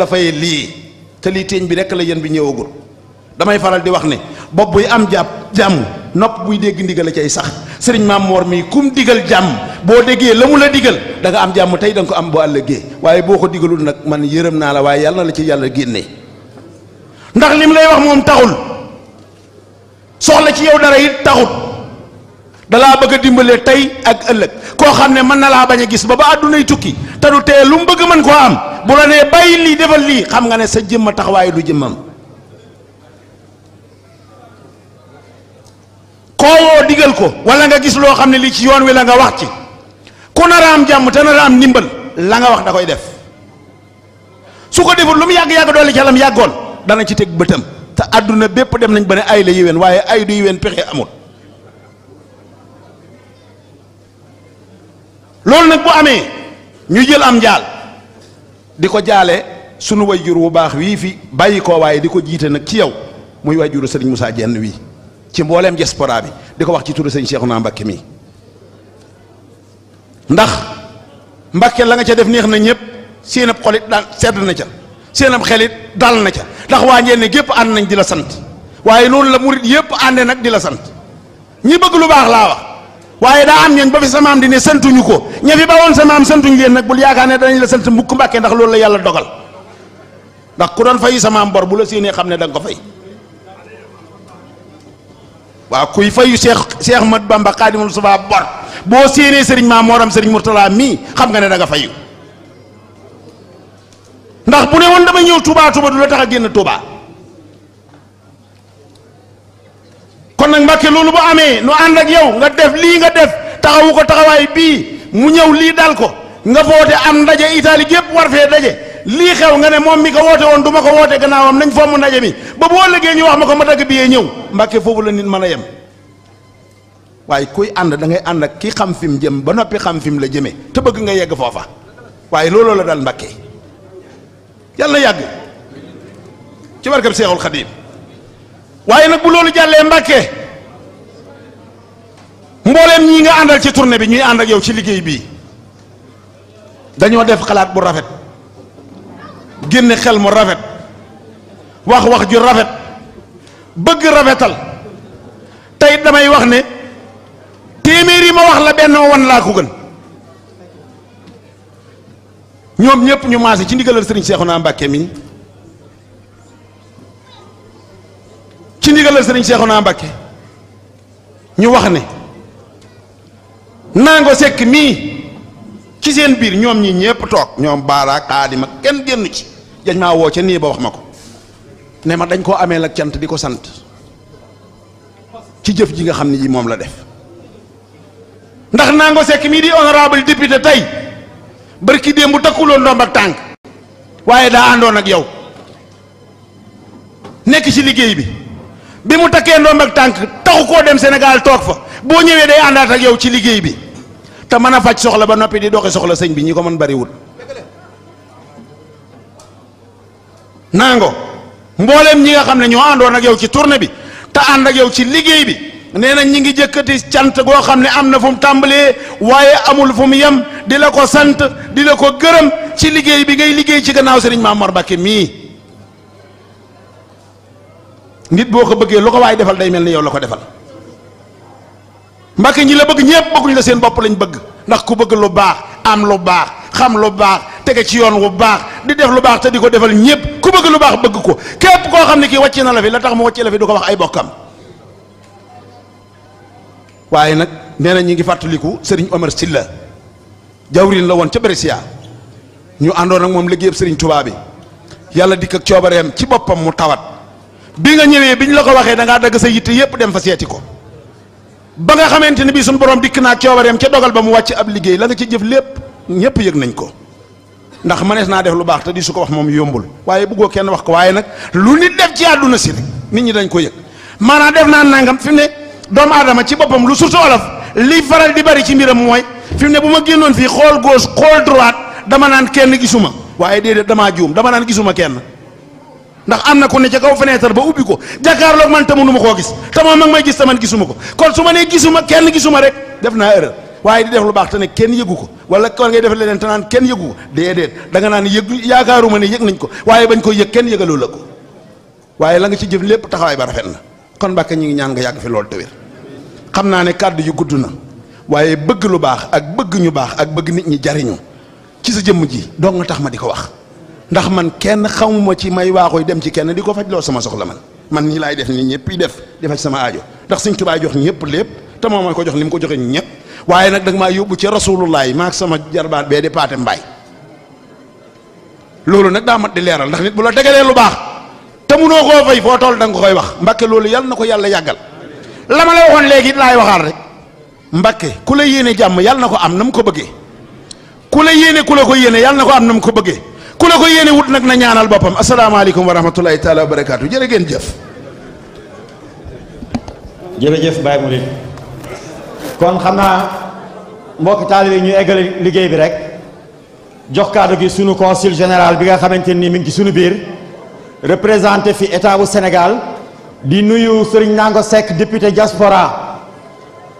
la fay lii te bi rek la yéen bi ñëwagul damay faral di wax ne bopp buy am jàpp jàmm nopp buy dégg ndigal ci ay sax sëriñ maam moor mii kum digal jàmm boo déggee la mu la digal danga am jàmm tey da ko am boo àllëgee waaye boo ko digalul nag man yërëm naa la waaye yàlla na la ci yàlla génnee ndax lim lay wax moom taxul soxla ci yow dara it taxut dalaa bëgg a dimbale tey ak ëllëg koo xam ne mën na laa bañ a gis ba ba àddunay tukki te du tee lu mu bëgg mën koo am bu la nee bàyyi lii defal lii xam nga ne sa jëmma taxawaay du jëmmam koowoo digal ko wala nga gis loo xam ne lii ci yoon wi la nga wax ci ku nara am jàmm te nara am ndimbal la nga wax da koy def su ko deful lu mu yàgg-yàgg doole ca lam yàggoon dana ci teg bëtam te àdduna bépp dem nañ ba ne ay la yiween waaye ay du yiween pexe amut loolu nag bu amee ñu jël am njaal di ko jaale sunu jur wu baax wii fi bàyyi koo waaye di ko jiite nag ci yow muy wayjuru sëriñ Moussa Dieng wii ci mbooleem diaspora bi di ko wax ci turu sëñ Cheikhouna mbakke mii ndax Mbacké la nga ca def neex na ñëpp seen ab xolit daal sedd na ca seen ab xelit dal na ca ndax waa njeen ne gépp ànd nañ di la sant waaye loolu la murit yépp àndee nag di la sant ñi bëgg lu baax laa wax waaye daa am ñooñ ba fi samaam di ne santuñu ko ña fi bawoon samaam santuñu leen nag bul yaakaar ne danañ la sant mukk mbàkke ndax loolu la yàlla dogal ndax ku doon fay samaam bor bu la séenee xam ne da ko fay waaw kuy fayu Cheikh Cheikh Mat Bamba Xaadimul Suba bor boo séenee sëriñ maam mooram sëriñ Murtala mii xam nga ne danga nga ndax bu ne woon dama ñëw Touba Touba du la tax a génn tubaa kon nag Mbàkke loolu bu amee nu ànd ak yow nga def lii nga def taxawu ko taxawaay bii mu ñëw lii daal ko nga foote am ndaje Italie gépp war fee daje lii xew nga ne moom mi ko woote woon du ma ko woote gannaawam nañ fomm ndaje mi ba boo lëggee ñu wax ma ko ma dagg biyee ñëw Mbàkke foofu la nit mën a yem waaye kuy ànd da ànd ak ki xam fi mu jëm ba noppi xam fi mu la jëmee te bëgg nga yegg foofa waaye looloo la dal Mbàkke yàlla yàgg ci barkab Seexul Xadiim waaye bu loolu mbooleem ñii nga àndal ci tournée bi ñuy ànd ak yow ci liggéey bii dañoo def xalaat bu rafet génn xel mu rafet wax wax ju rafet bëgg rafetal tey damay wax ne téeméer yi ma wax la benn wan laa ko gën ñoom ñëpp ñu maase ci ndigalal sëriñ naa Mbàkke mi ci ndigalal sëriñ naa Mbàkke ñu wax ne nango sekk mii ci seen biir ñoom ñi ñëpp toog ñoom baaraak xaadima kenn génn ci dañ maa woo ca nii ba wax ma ko ne ma dañ koo amee la cant di ko sant ci jëf ji nga xam ne ji moom la def ndax nango sekk mii di honorable député tey bërki démb bu takkuloon ndomb ak tànk waaye daa àndoon ak yow nekk ci liggéey bi bi mu takkee ndomb ak tànk taxu koo dem Sénégal toog fa boo ñëwee day àndaat ak yow ci liggéey bi te mën a faj soxla ba noppi di doxi soxla sëñ bi ñi ko mën bariwul nango mbooleem ñi nga xam ne ñoo àndoon ak yow ci tournée bi te ànd ak yow ci liggéey bi nee nañ ñi ngi jëkkati cant goo xam ne am na fu mu tàmbalee waaye amul fu mu yem di la ko sant di la ko gërëm ci liggéey bi ngay liggéey ci gannaaw sëriñ Mamor Mbakke mii nit boo ko bëggee lu ko waay defal day mel ni yow la ko defal Mbàkke ñi la bëgg ñëpp bokkuñu la seen bopp lañu bëgg ndax ku bëgg lu baax am lu baax xam lu baax tege ci yoon wu baax di def lu baax te di ko defal ñëpp ku bëgg lu baax bëgg ko képp koo xam ne kii wàcce na la fi la tax mu wàcce la fi du ko wax ay bokkam. waaye nag nee na ñu ngi fàttaliku Serigne Omar Silla jawrin la woon ca Brescia ñu àndoon ak moom liggéeyam Serigne Touba bi yàlla dikk ak coobareem ci boppam mu tawat bi nga ñëwee bi ñu la ko waxee da ngaa dagg sa yitte yëpp dem fa seeti ko. ba nga xamante ne bii suñu borom dikk naa coobareem ca dogal ba mu wàcc ab liggéey la nga ci jëf lépp ñëpp yëg nañ ko ndax manees naa def lu baax te di su ko wax moom yombul waaye bëggoo kenn wax ko waaye nag lu nit def ci àdduna si nit ñi dañ ko yëg maanaam def naa nangam fi mu ne doomu aadama ci boppam lu sa olof liy faral di bari ci mbiram mooy fi mu ne bu ma génnoon fii xool goos xool droite dama naan kenn gisuma waaye déedéet damaa juum dama naan gisuma kenn ndax am na ko ne ca kaw fenêtre ba ubbi ko jàkkaarloog man te mënu koo gis te moom mag may gis te man gisuma ko kon su ma nee gisuma kenn gisuma rek def naa erreur waaye di def lu baax te ne kenn yëgu ko wala kon def leneen te naan kenn yëgu ko déedéet da nga naan yëg ne yëg nañ ko waaye bañ koy yëg kenn yëgaloo la ko waaye la nga ci jëf lépp taxawaay ba rafet na kon Mbàkke ñu ngi ñaan nga yàgg fi loolu te xam naa ne kàddu yu gudd na waaye bëgg lu baax ak bëgg ñu baax ak bëgg nit ñi jariñu ci sa jëmm jii doo nga tax ma di ko wax ndax man kenn xamuma ci may waaxooy dem ci kenn di ko faj loo sama soxla man man nii laay def nii ñëpp yi def di faj sama aajo ndax suñ tubaay jox ñëpp lépp te moom ma ko jox li mu ko joxe ñëpp waaye nag da nga maa yóbbu ci rasulullaay maak sama jarbaat bee di paate nag daa mat di leeral ndax nit bu la degalee lu baax te munoo koo fay foo toll da nga koy wax mbakke loolu yàlla na ko yàlla yàggal la ma la waxoon léegi laay waxaat rek mbakke ku la yéene jàmm yàlla na ko am na mu ko bëggee ku la yéene ku la ko yéene yàlla na ko am ko bëggee ku la ko yéene wut nag na ñaanal boppam asalaamaaleykum wa rahmatulahi taala wa barakaatu jërë ngeen jëf. jërëjëf Baye Mouride kon xam naa mbokki taalibe ñu eggale liggéey bi rek jox kàddu gi sunu consul général bi nga xamante ni mi ngi ci sunu biir représenté fi état bu Sénégal di nuyu Serigne Nango sekk député diaspora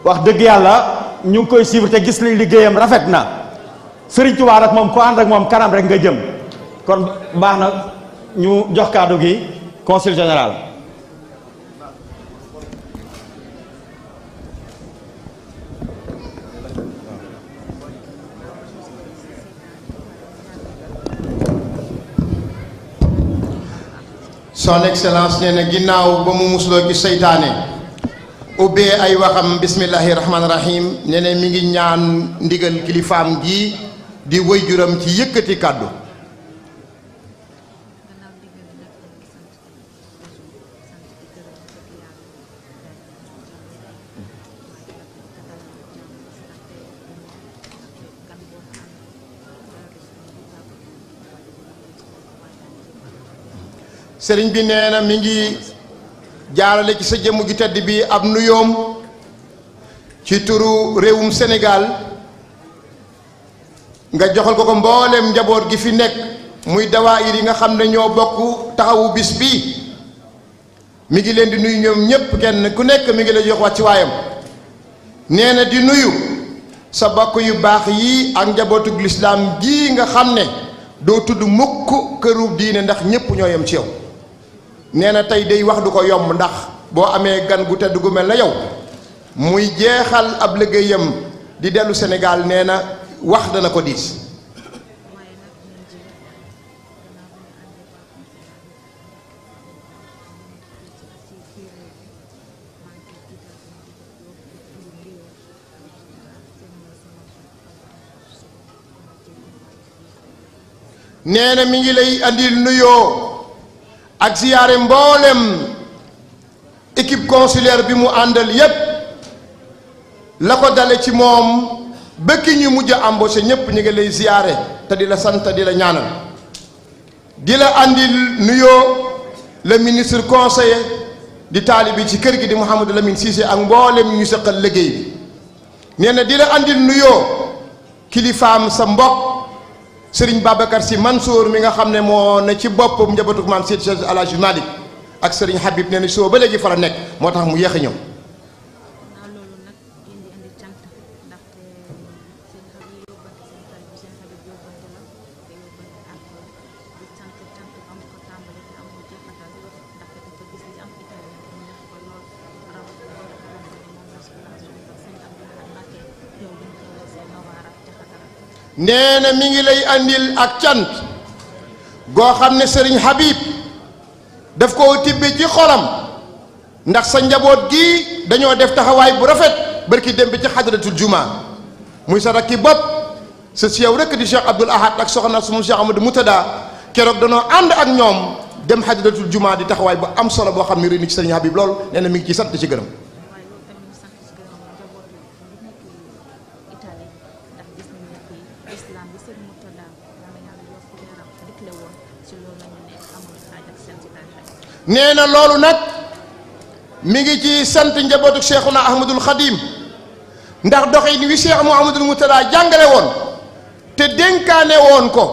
wax dëgg yàlla. ñu ngi koy suivre te gis nañ liggéeyam rafet na sëriñ Touba moom ku ànd ak moom kanam rek nga jëm kon baax na ñu jox kàddu gi consul général son excellence na ginnaaw ba mu musloo ci seytaane ubbee ay waxam bismillahi rahmaani rahim nee mi ngi ñaan ndigal kilifaam gi di wëy juram ci yëkkati kàddu sëriñ bi nee na mi ngi jaarale ci sa jëmm ju tedd bi ab nuyoom ci turu réewum senegal nga joxal ko ko mbooleem njaboot gi fi nekk muy dawaayir yi nga xam ne ñoo bokk taxawu bis bi mi ngi leen di nuyu ñoom ñépp kenn ku nekk mi ngi la jox waayam nee na di nuyu sa bokk yu baax yi ak njabootug lislaam gi nga xam ne doo tudd mukk këru diine ndax ñépp ñoo yem ci yow nee na tey day wax du ko yomb ndax boo amee gan gu tedd gu mel na yow muy jeexal ab liggéeyam di dellu senegaal nee na wax dana ko diis nee mi ngi lay andil nuyoo ak ziyaare mboolem équipe consulaire bi mu àndal yépp la ko dale ci moom bëkk ñi mujj a embauché ñépp ñu ngi lay ziyaare te di la sant di la ñaanal di la àndi nuyoo le ministre conseiller di taalibi ci kër gi di Mouhamadou Lamine Cissé ak mboolem ñu sëqal liggéey bi nee na di la àndil nuyoo kilifaam sa mbokk sëriñ Babacar si Mansour mi nga xam ne moo ne ci boppam njabootu maam Seydi Alaaji Maalik ak sëriñ Habib ne ni soo ba léegi fa la nekk moo tax mu yéex a ñëw nee na mi ngi lay andil ak cant goo xam ne sëriñ Habib daf koo tibbi ci xolam ndax sa njaboot gi dañoo def taxawaay bu rafet barki dem bi ci xadratul juma muy sa rakki bopp sa siyaw rekk di Cheikh Abdoul Ahad ak soxna sumu Cheikh Amadou Moutada keroog danoo ànd ak ñoom dem xadratul jumaa di taxawaay bu am solo boo xam ne réuni ci sëriñ Habib lool nee na mi ngi ci sant ci gërëm nee na loolu nag mi ngi ci sant njabootu na Ahmadul Xadim ndax doxin wi Cheikh Mouhamadul Moutala jàngale woon te dénkaane woon ko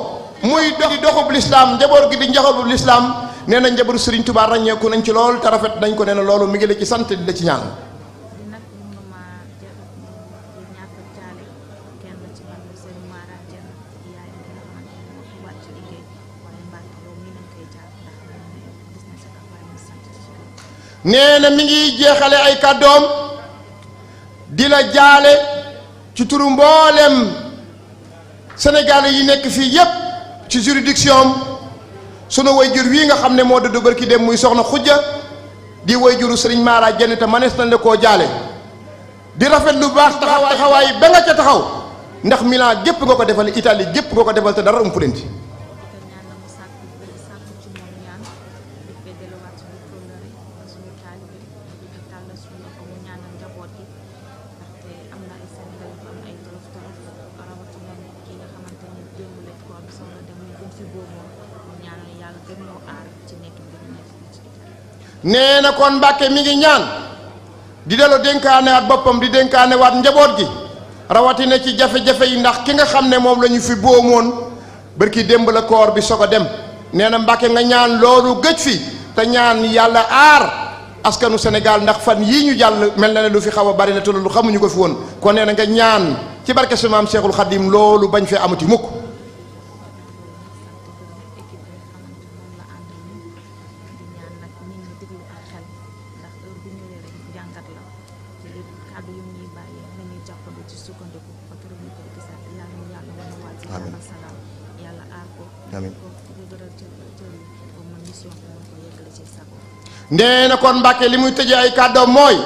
muy doxi doxub lislaam njaboot gi di njaxobub lislaam nee na njabootu Serigne Touba ràññeeku nañ ci lool te rafet nañ ko nee na loolu mi ngi la ci sant di la ci ñaan nee na mi ngi jeexale ay kàddoom di la jaale ci turu mboolem sénégalais yi nekk fii yépp ci su na sunu wayjur wii nga xam ne moo dëdd bërki dem muy soxna xujja di wayjuru Serigne Mara jenn te manees nañ la koo jaale di rafet lu baax taxawaay xawaay ba nga ca taxaw ndax Milan gépp nga ko defal Italie gépp nga ko defal te dara umpulenti nee na kon Mbàkke mi ngi ñaan di delloo dénkaanewaat boppam di dénkaanewaat njaboot gi rawatina ci jafe-jafe yi ndax ki nga xam ne moom la ñu fi boomoon bërki démb la koor bi soog a dem nee na Mbàkke nga ñaan loolu gëj fi te ñaan yàlla aar askanu Sénégal ndax fan yii ñu jàll mel na ne lu fi xaw a bari na te loolu xamuñu ko fi woon kon nee na nga ñaan ci barke su maam Cheikhul Khadim loolu bañ fi amati mukk nee na kon Mbàkke li muy tëjee ay kàddoom mooy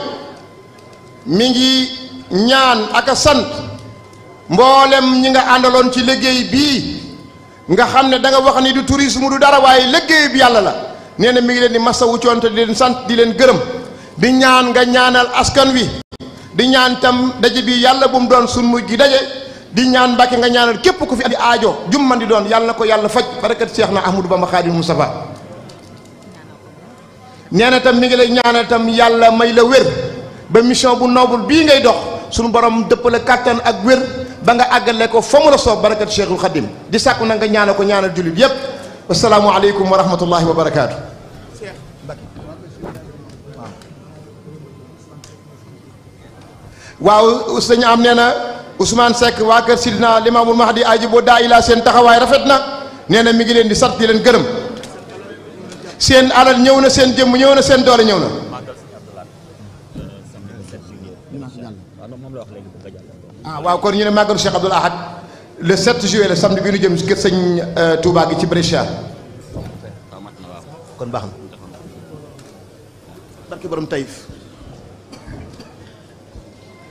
mi ngi ñaan aka a sant mboolem ñi nga àndaloon ci liggéey bii nga xam ne danga wax ni du tourisme du dara waaye liggéey bi yàlla la nee na mi ngi leen di masawu coon di leen sant di leen gërëm di ñaan nga ñaanal askan wi di ñaan tam daje bi yàlla bu mu doon sun mujj gi daje di ñaan Mbàkke nga ñaanal képp ku fi andi aajo jum di doon yàlla na ko yàlla faj barakat Cheikh na Ahmadou Bamba Khadimu Mustafa nee na tam mi ngi lay ñaanal tam yàlla may la wér ba mission bu noble bii ngay dox suñu borom dëppale kàttan ak wér ba nga àggale ko fa mu la soob barakat cheikhul xadim di sàkku na nga ñaanal ko ñaanal jullit yépp asalaamualeykum wa rahmatullahi wa barakaatu waaw sëñ am nee na Ousmane Seck waa kër Sidina Limaamul Mahdi aji boo daa ilaa seen taxawaay rafet na nee na mi ngi leen di sant di leen gërëm seen alal ñëw na seen jëmm ñëw na seen doole ñëw na. ah waaw kon ñu ne màggalu Cheikh Abdoul Ahad le 7 juillet le samedi bi ñu jëm kër sëñ euh, Touba gi ci Brescia. kon baax na.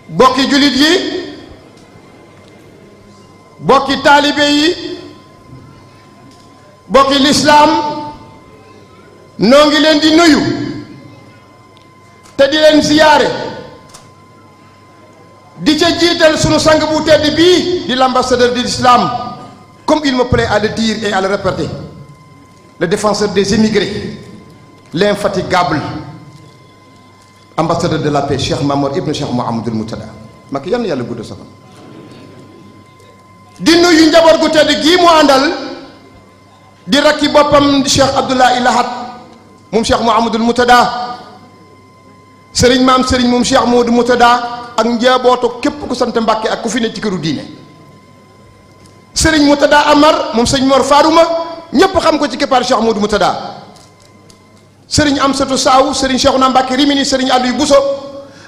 bokki jullit yi. bokki taalibe yi bokki lislaam noo ngi leen di nuyu te di leen ziyaare di ca jiital sunu sang bu tedd bii di l'ambassadeur de l'islam comme il me plaît à le dire et à le répéter des émigrés l'infatigable ambassadeur de la paix Cheikh Mamour Ibn Cheikh Mouhamadoul Moutada mag yan yàlla gudd sa fan di nuyu njaboot gu tedd gii mu àndal di rakki boppam Cheikh Abdoulaye Lahat moom Cheikh Mouhamadul Moutada sëriñ maam sëriñ moom Cheikh Mouhamadul Moutada ak njabootu képp ku sant Mbàkke ak ku fi ne ci këru diine sëriñ Moutada Amar moom sëñ Mor Faaruma ñépp xam ko ci keppaar Cheikh Mouhamadul Moutada sëriñ Amsatu Saaw sëriñ Cheikhouna Mbàkke Rimini sëriñ Aliou Bousso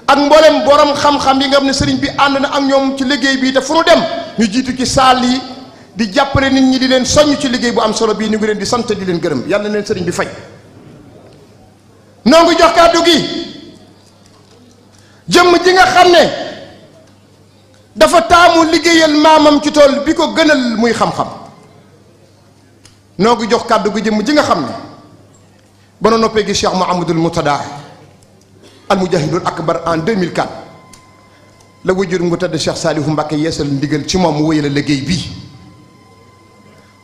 ak mboolem borom xam-xam yi nga xam ne sëriñ bi ànd na ak ñoom ci liggéey bi te fu nu dem ñu jiitu ci saal yi di jàppale nit ñi di leen soññ ci liggéey bu am solo bii ñu leen di sant di leen gërëm yàlla na leen bi faj noo ngi jox kàddu gi jëmm ji nga xam ne dafa taamu liggéeyal maamam ci tool bi ko gënal muy xam-xam noo jox kàddu gi jëmm ji nga xam ne ba na noppee gi Cheikh Mouhamadoul Moutada al mujahidul akbar en 2004 la wajur mu tëdd Cheikh Saalihu Mbàkke yeesal ndigal ci moom mu wéyal liggéey bii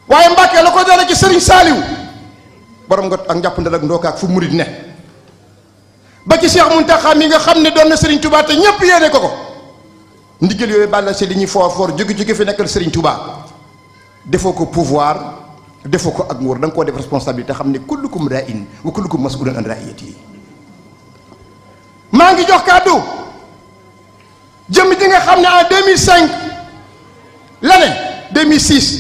waaye Mbàkke la ko dale ci Sëriñ Saalihu borom nga ak njàppandal ak ndookaak fu murit ne ba ci Cheikh Mountakha mi nga xam ne doon na Serigne Touba te ñëpp yéene ko ko ndigal yooyu bàlla si li ñu foor foor jóge jóge fi nekkal seriñ Touba defoo ko pouvoir defoo ko ak nguur da nga koo def responsabilité xam ne kullukum ra'in wa kullukum mas'ulun an ra'iyati maa ngi jox kàddu jëm ji nga xam ne en 2005 l'année 2006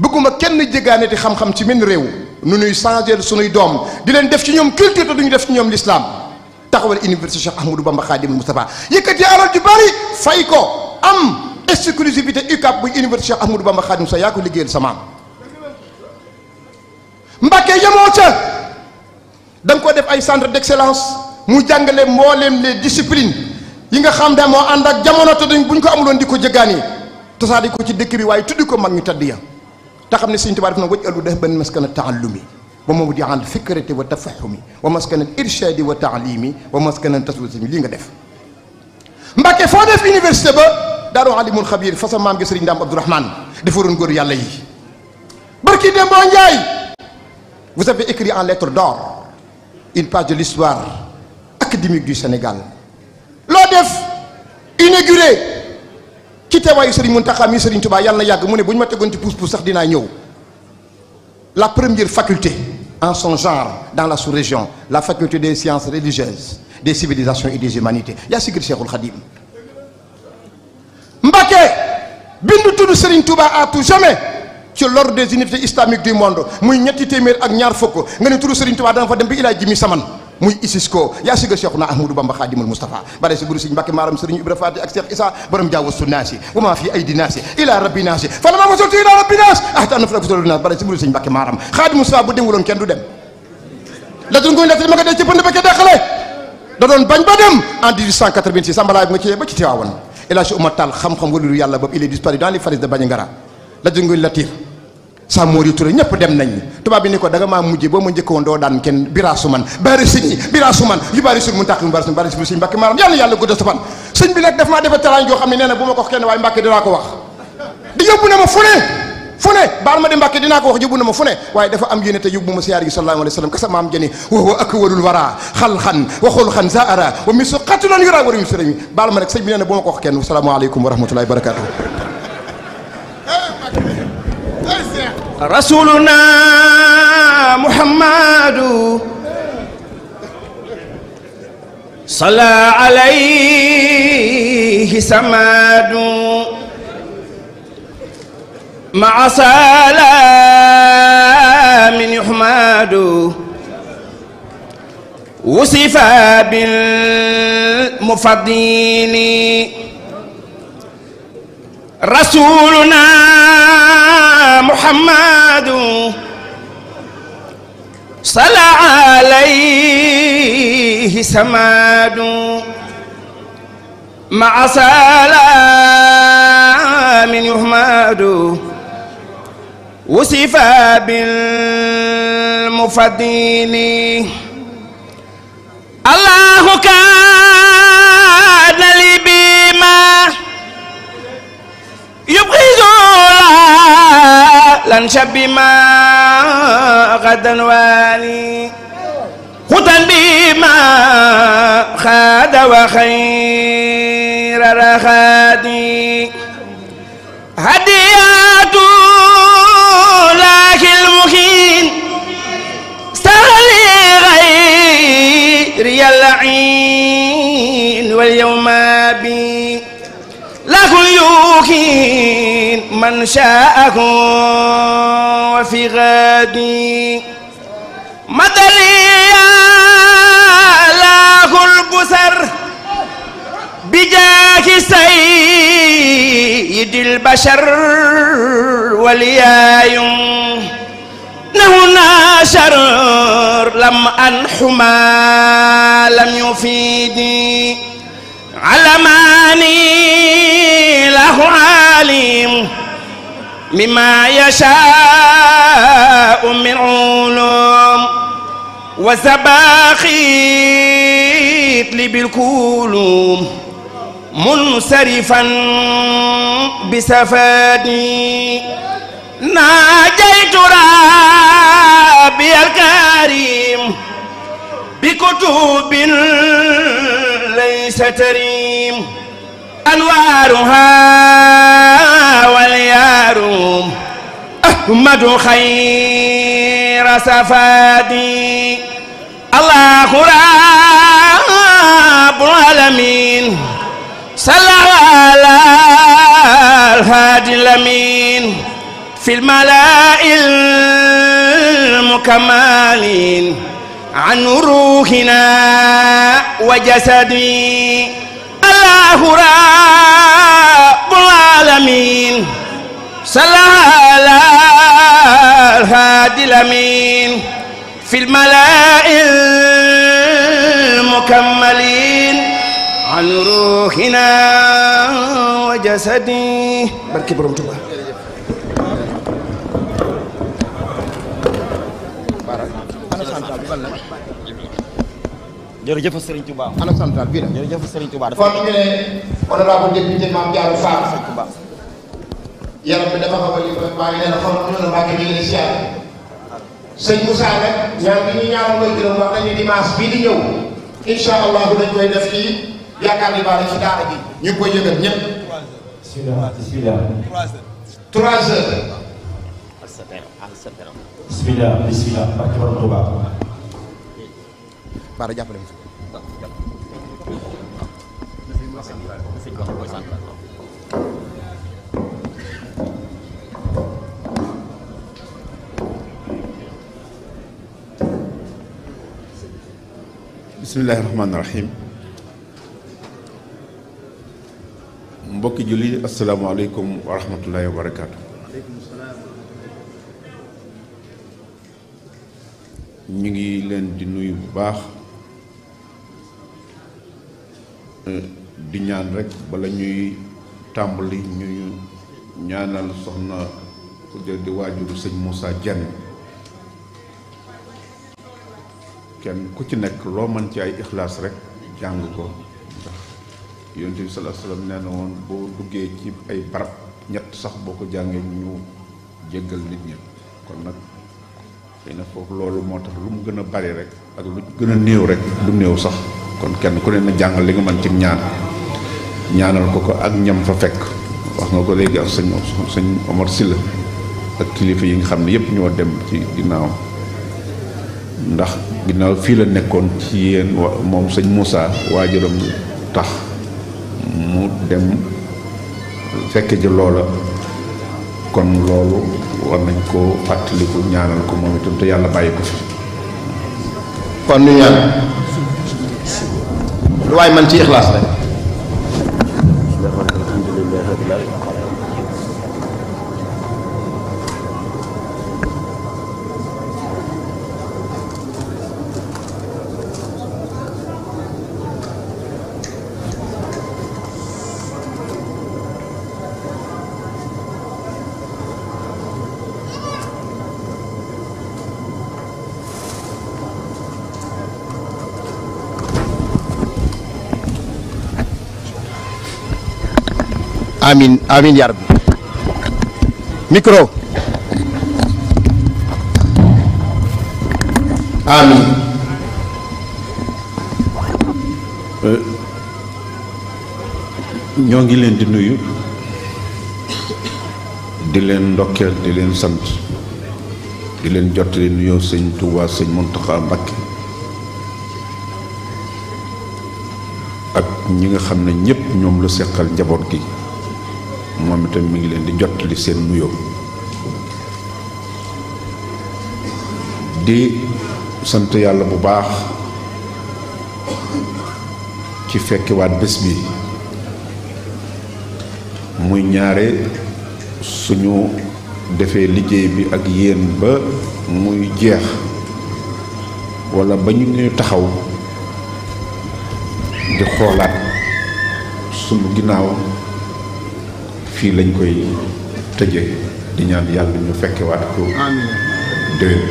bëgguma kenn jéggaane di xam-xam ci min réew nu nuy changer sunuy doom di leen def ci ñoom culture te duñu def ci ñoom lislaam taxawal université Cheikh Ahmadou Bamba Khadimul Moustapha yëkkati alal ju bari fay ko am exclusivité UCAP bu université Cheikh Ahmadou Bamba Khadim sa yaa ko liggéeyal sa maam Mbàkke yemoo ca da nga ko def ay centre d'excellence mu jàngale mboolem les disciplines yi nga xam ne moo ànd ak jamono te dañ buñ ko amuloon di ko jëggaani tasaadi ko ci dëkk bi waaye tuddi ko mag ñu tedd ya te xam ne Sëñ Tuubaa def na waj alu def benn maskana taallumi وموضع عن الفكرة والتفهم ومسكن الإرشاد والتعليم ومسكن تسويسم لي nga def Mbàkke foo def université ba Daaru Alimul Xabiir fa sa maam gi Sëriñ Daam Abdourahmane defaroon góor yàlla yi barki Demba Njaay vous avez écrit en lettres d'or une page de l'histoire académique du Sénégal loo def inauguré ci teewaayu Sëriñ Muntaxa mi Sëriñ Tuubaa yàlla na yàgg mu ne bu ñu ma tegoon ci pousse pousse sax dinaa ñëw la première faculté en son genre dans la sous-région la faculté des sciences religieuses des civilisations et des humanités yaa sigir Cheikhul Khadim Mbacké bindu tudd Serigne Touba à tout jamais ci l'ordre des universités islamiques du monde muy ñetti téeméer ak ñaar fukk nga ne tudd Serigne Touba dana fa dem bi ilaa ji mi saman muy isis ko yaa siga cheikhuna ahmadou bamba xaadimul moustapha bare si guru siñ mbàkke maaram sëriñ ibra faati ak cheikh isa borom jaawastu naasi wa maa fi aydi naasi ila rabbi naasi falama wasultu ila rabbi naas ahta anna falaku tolu naas bare si guru siñ mbàkke maaram xaadimu moustapha bu demwuloon kenn dem la tun koy nettali ma nga dee ci pënd ba ke deqale da doon bañ ba dem en 1886 ci tiwaawoon ila si uma tal xam-xam Samori Touré ñëpp dem nañ tubaab bi ni ko da nga maa mujjee boo ma njëkkoon doo daan kenn biraasu man bari siñ biraasu man yu bari suñ mu tàq maa defa teraanga joo ma ko wax dinaa ko wax di yóbbu na ma fu ne fu ne baal ma di mbàkke dinaa ko wax yóbbu na ma fu ne waaye dafa am yéene te yóbbu ma siyaar gi sallallahu alayhi wa sallam kasa maam jëni wa huwa wa xulxan zaara wa misu xatulan yura war mi baal ma rek sëñ bi nee na bu ma ko wax kenn salaamaaleykum wa rahmatullahi rasuluna muhammadu salla alayhi samadu maa salaamin yuhmadu وصفا بالمفضل رسولنا محمد صلى عليه سماد مع سلام يحمد وصف بالمفدين الله كان لي بما يبغض lan shabbi ma xadan waali xutan bi ma xaada wa xayra raxaadi hadiyaatu laakil muxiin saxali xayri yàlla in wal yawma bi لكم يوكين من شاءكم وفي غادي مدري لاك البصر بجاك سيد البشر وليايم نهنا شر لم أنحما لم يفيدني علماني له عالم مما يشاء من علوم وزباخيت لي بالكلوم منصرفا بسفادي ناجيت ربي الكريم بكتب ليس تريم أنوارها واليارم أحمد خير سفادي الله رب العالمين صلى على الهادي الأمين في الملائ المكملين عن روحنا وجسدي الله رب العالمين صلى على الهادي الأمين في الملاء المكملين عن روحنا وجسدي بركي برمتبه jërëjëf Serigne Touba. ana santal bii la jërëjëf Serigne Touba dafa. kon ñu ne honorable député Mame Diarra Fam. Serigne Touba. yaram bi dafa xamal li maa ngi leen a xamal ñu ne maa ngi leen siyaar sëñ Moussa nag ñaan bi ñu ñaanal mooy gërëm wax nañu dimanche bii di ñëw incha allah bu dañ koy def ci yaakaar ni baax na ci daara ji ñu ngi koy yëgal ñëpp. 3 heures. 3 heures. bismillah bismillah. baara jàppale ma si. bismillaahi rahmaani rahiim mbokki julli asalaamaaleykum wa rahmatullaahi wa ñu ngi leen di nuyu bu baax. di ñaan rek bala ñuy tàmbali ñu ñaanal soxna ku di waajuru sëñ Moussa Dieng kenn ku ci nekk loo mën ci ay ixlaas rek jàng ko ndax yonent bi sallallahu alayhi wasallam woon boo buggee ci ay barab ñett sax boo ko jàngee ñu jéggal nit ñi kon nag xëy na foofu loolu moo tax lu mu gën a bari rek ak lu gën a néew rek lu néew sax kon kenn ku ne na jàngal li nga mën ci ñaan ñaanal ko ko ak ñam fa fekk wax nga ko léegi ak sëñ sëñ Omar ak kilifa yi nga xam ne yëpp ñoo dem ci ginnaaw ndax ginnaaw fii la nekkoon ci yéen moom waa jëla waajuram tax mu dem fekke ji loola kon loolu war nañ koo fàttaliku ñaanal ko moom itam te yàlla bàyyi ko fi kon ñaan lu waaye man ci ixlaas rek amin amin yaa rabbi eh, ñoo ngi leen di nuyu di leen ndokkeel di leen sant di leen jottali nuyoo sëñ Touba sëñ Mountakha Mbacké ak ñi nga xam ne ñëpp ñoom la seqal njaboot gi moom itam mi ngi leen di jottali seen nuyoo di sant yàlla bu baax ci fekkiwaat bés bi muy ñaare suñu defee liggéey bi ak yéen ba muy jeex wala ba ñu ñuy taxaw di xoolaat sunu ginnaaw fii lañ koy tëje di ñaan yàlla ñu fekkewaat ko déwén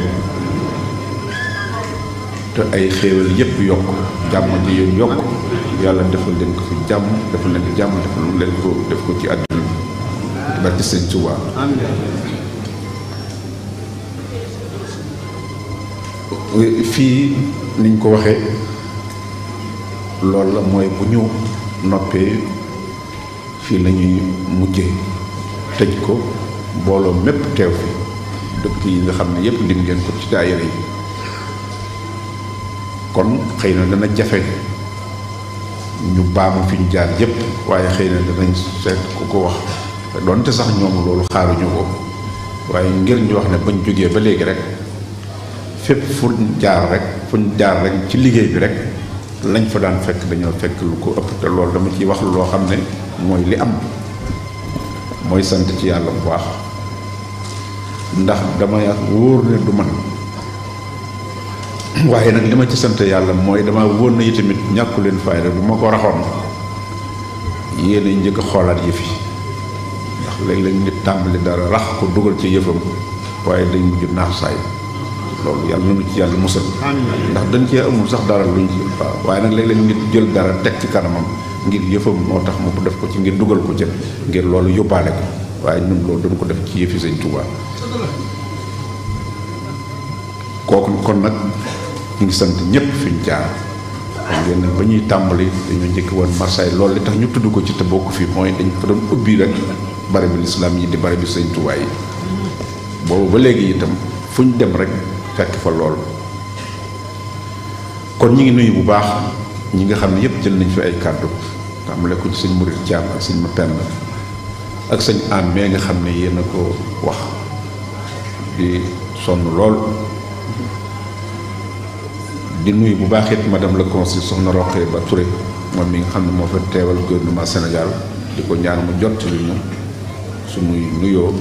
te ay xéewal yépp yokk jàmm ji yéen yokk yàlla defal leen ko fi jàmm defal leen ko jàmm defal leen ko def ko ci àdduna bi fii niñ ko waxee loolu la mooy bu ñu noppee fii la mujje tëj ko mbooloo mépp teew fi dëkk yi nga xam ne yépp lim ngeen ko ci daayira yi kon xëy na dana jafe ñu baamu fi ñu jaar yépp waaye xëy na danañ seet ku ko wax te doonte sax ñoomu loolu xaaruñu ko waaye ngir ñu wax ne bañ jógee ba léegi rek fépp fu jaar rek fu ñu jaar rek ci liggéey bi rek lañ fa daan fekk dañoo fekk lu ko ëpp te loolu dama ciy wax loo xam ne mooy li am mooy sant ci yàlla bu baax ndax dama wóor ne du man waaye nag li ma ci sant yàlla mooy dama wóor na tamit ñàkku leen fayda bu ma ko raxoon yéen a njëkk a xoolaat yëf yi ndax léeg-léeg nit tàmbali dara rax ko dugal ci yëfam waaye dañ mujj naax saay loolu yàlla nu ci yàlla musal ndax dañ cee amul sax dara luñ ci waaye nag léeg-léeg jël dara teg ci kanamam ngir yëfam moo tax ma mu def ko ci ngir dugal ko ci ngir loolu yóbbaale ko waaye ñun loolu dañ ko def ci yëfi Sëñ Tuubaa kooku kon nag ñu ngi sant ñëpp fi ñu jaar xam ngeen ba ñuy tàmbali dañoo njëkki woon Marseille loolu li tax ñu tudd ko ci te bokk fii mooy dañ fa doon ubbi rek bari bi lislaam yi di bari bi Sëñ Tuubaa yi boobu ba léegi itam fu ñu dem rek fekk fa lool kon ñi ngi nuyu bu baax ñi nga xam ne yépp jël nañ fi ay kàddu tàmbale ko ci sëñ Murit Caam ak sëñ Mapenn ak sëñ am mee nga xam ne yéen na ko wax di sonn lool di nuyu bu baax ma dem la consul soxna Roqee Ba Touré moom mi nga xam ne moo fa teewal gouvernement Sénégal di ko ñaan mu jot li ñu suñuy nuyoo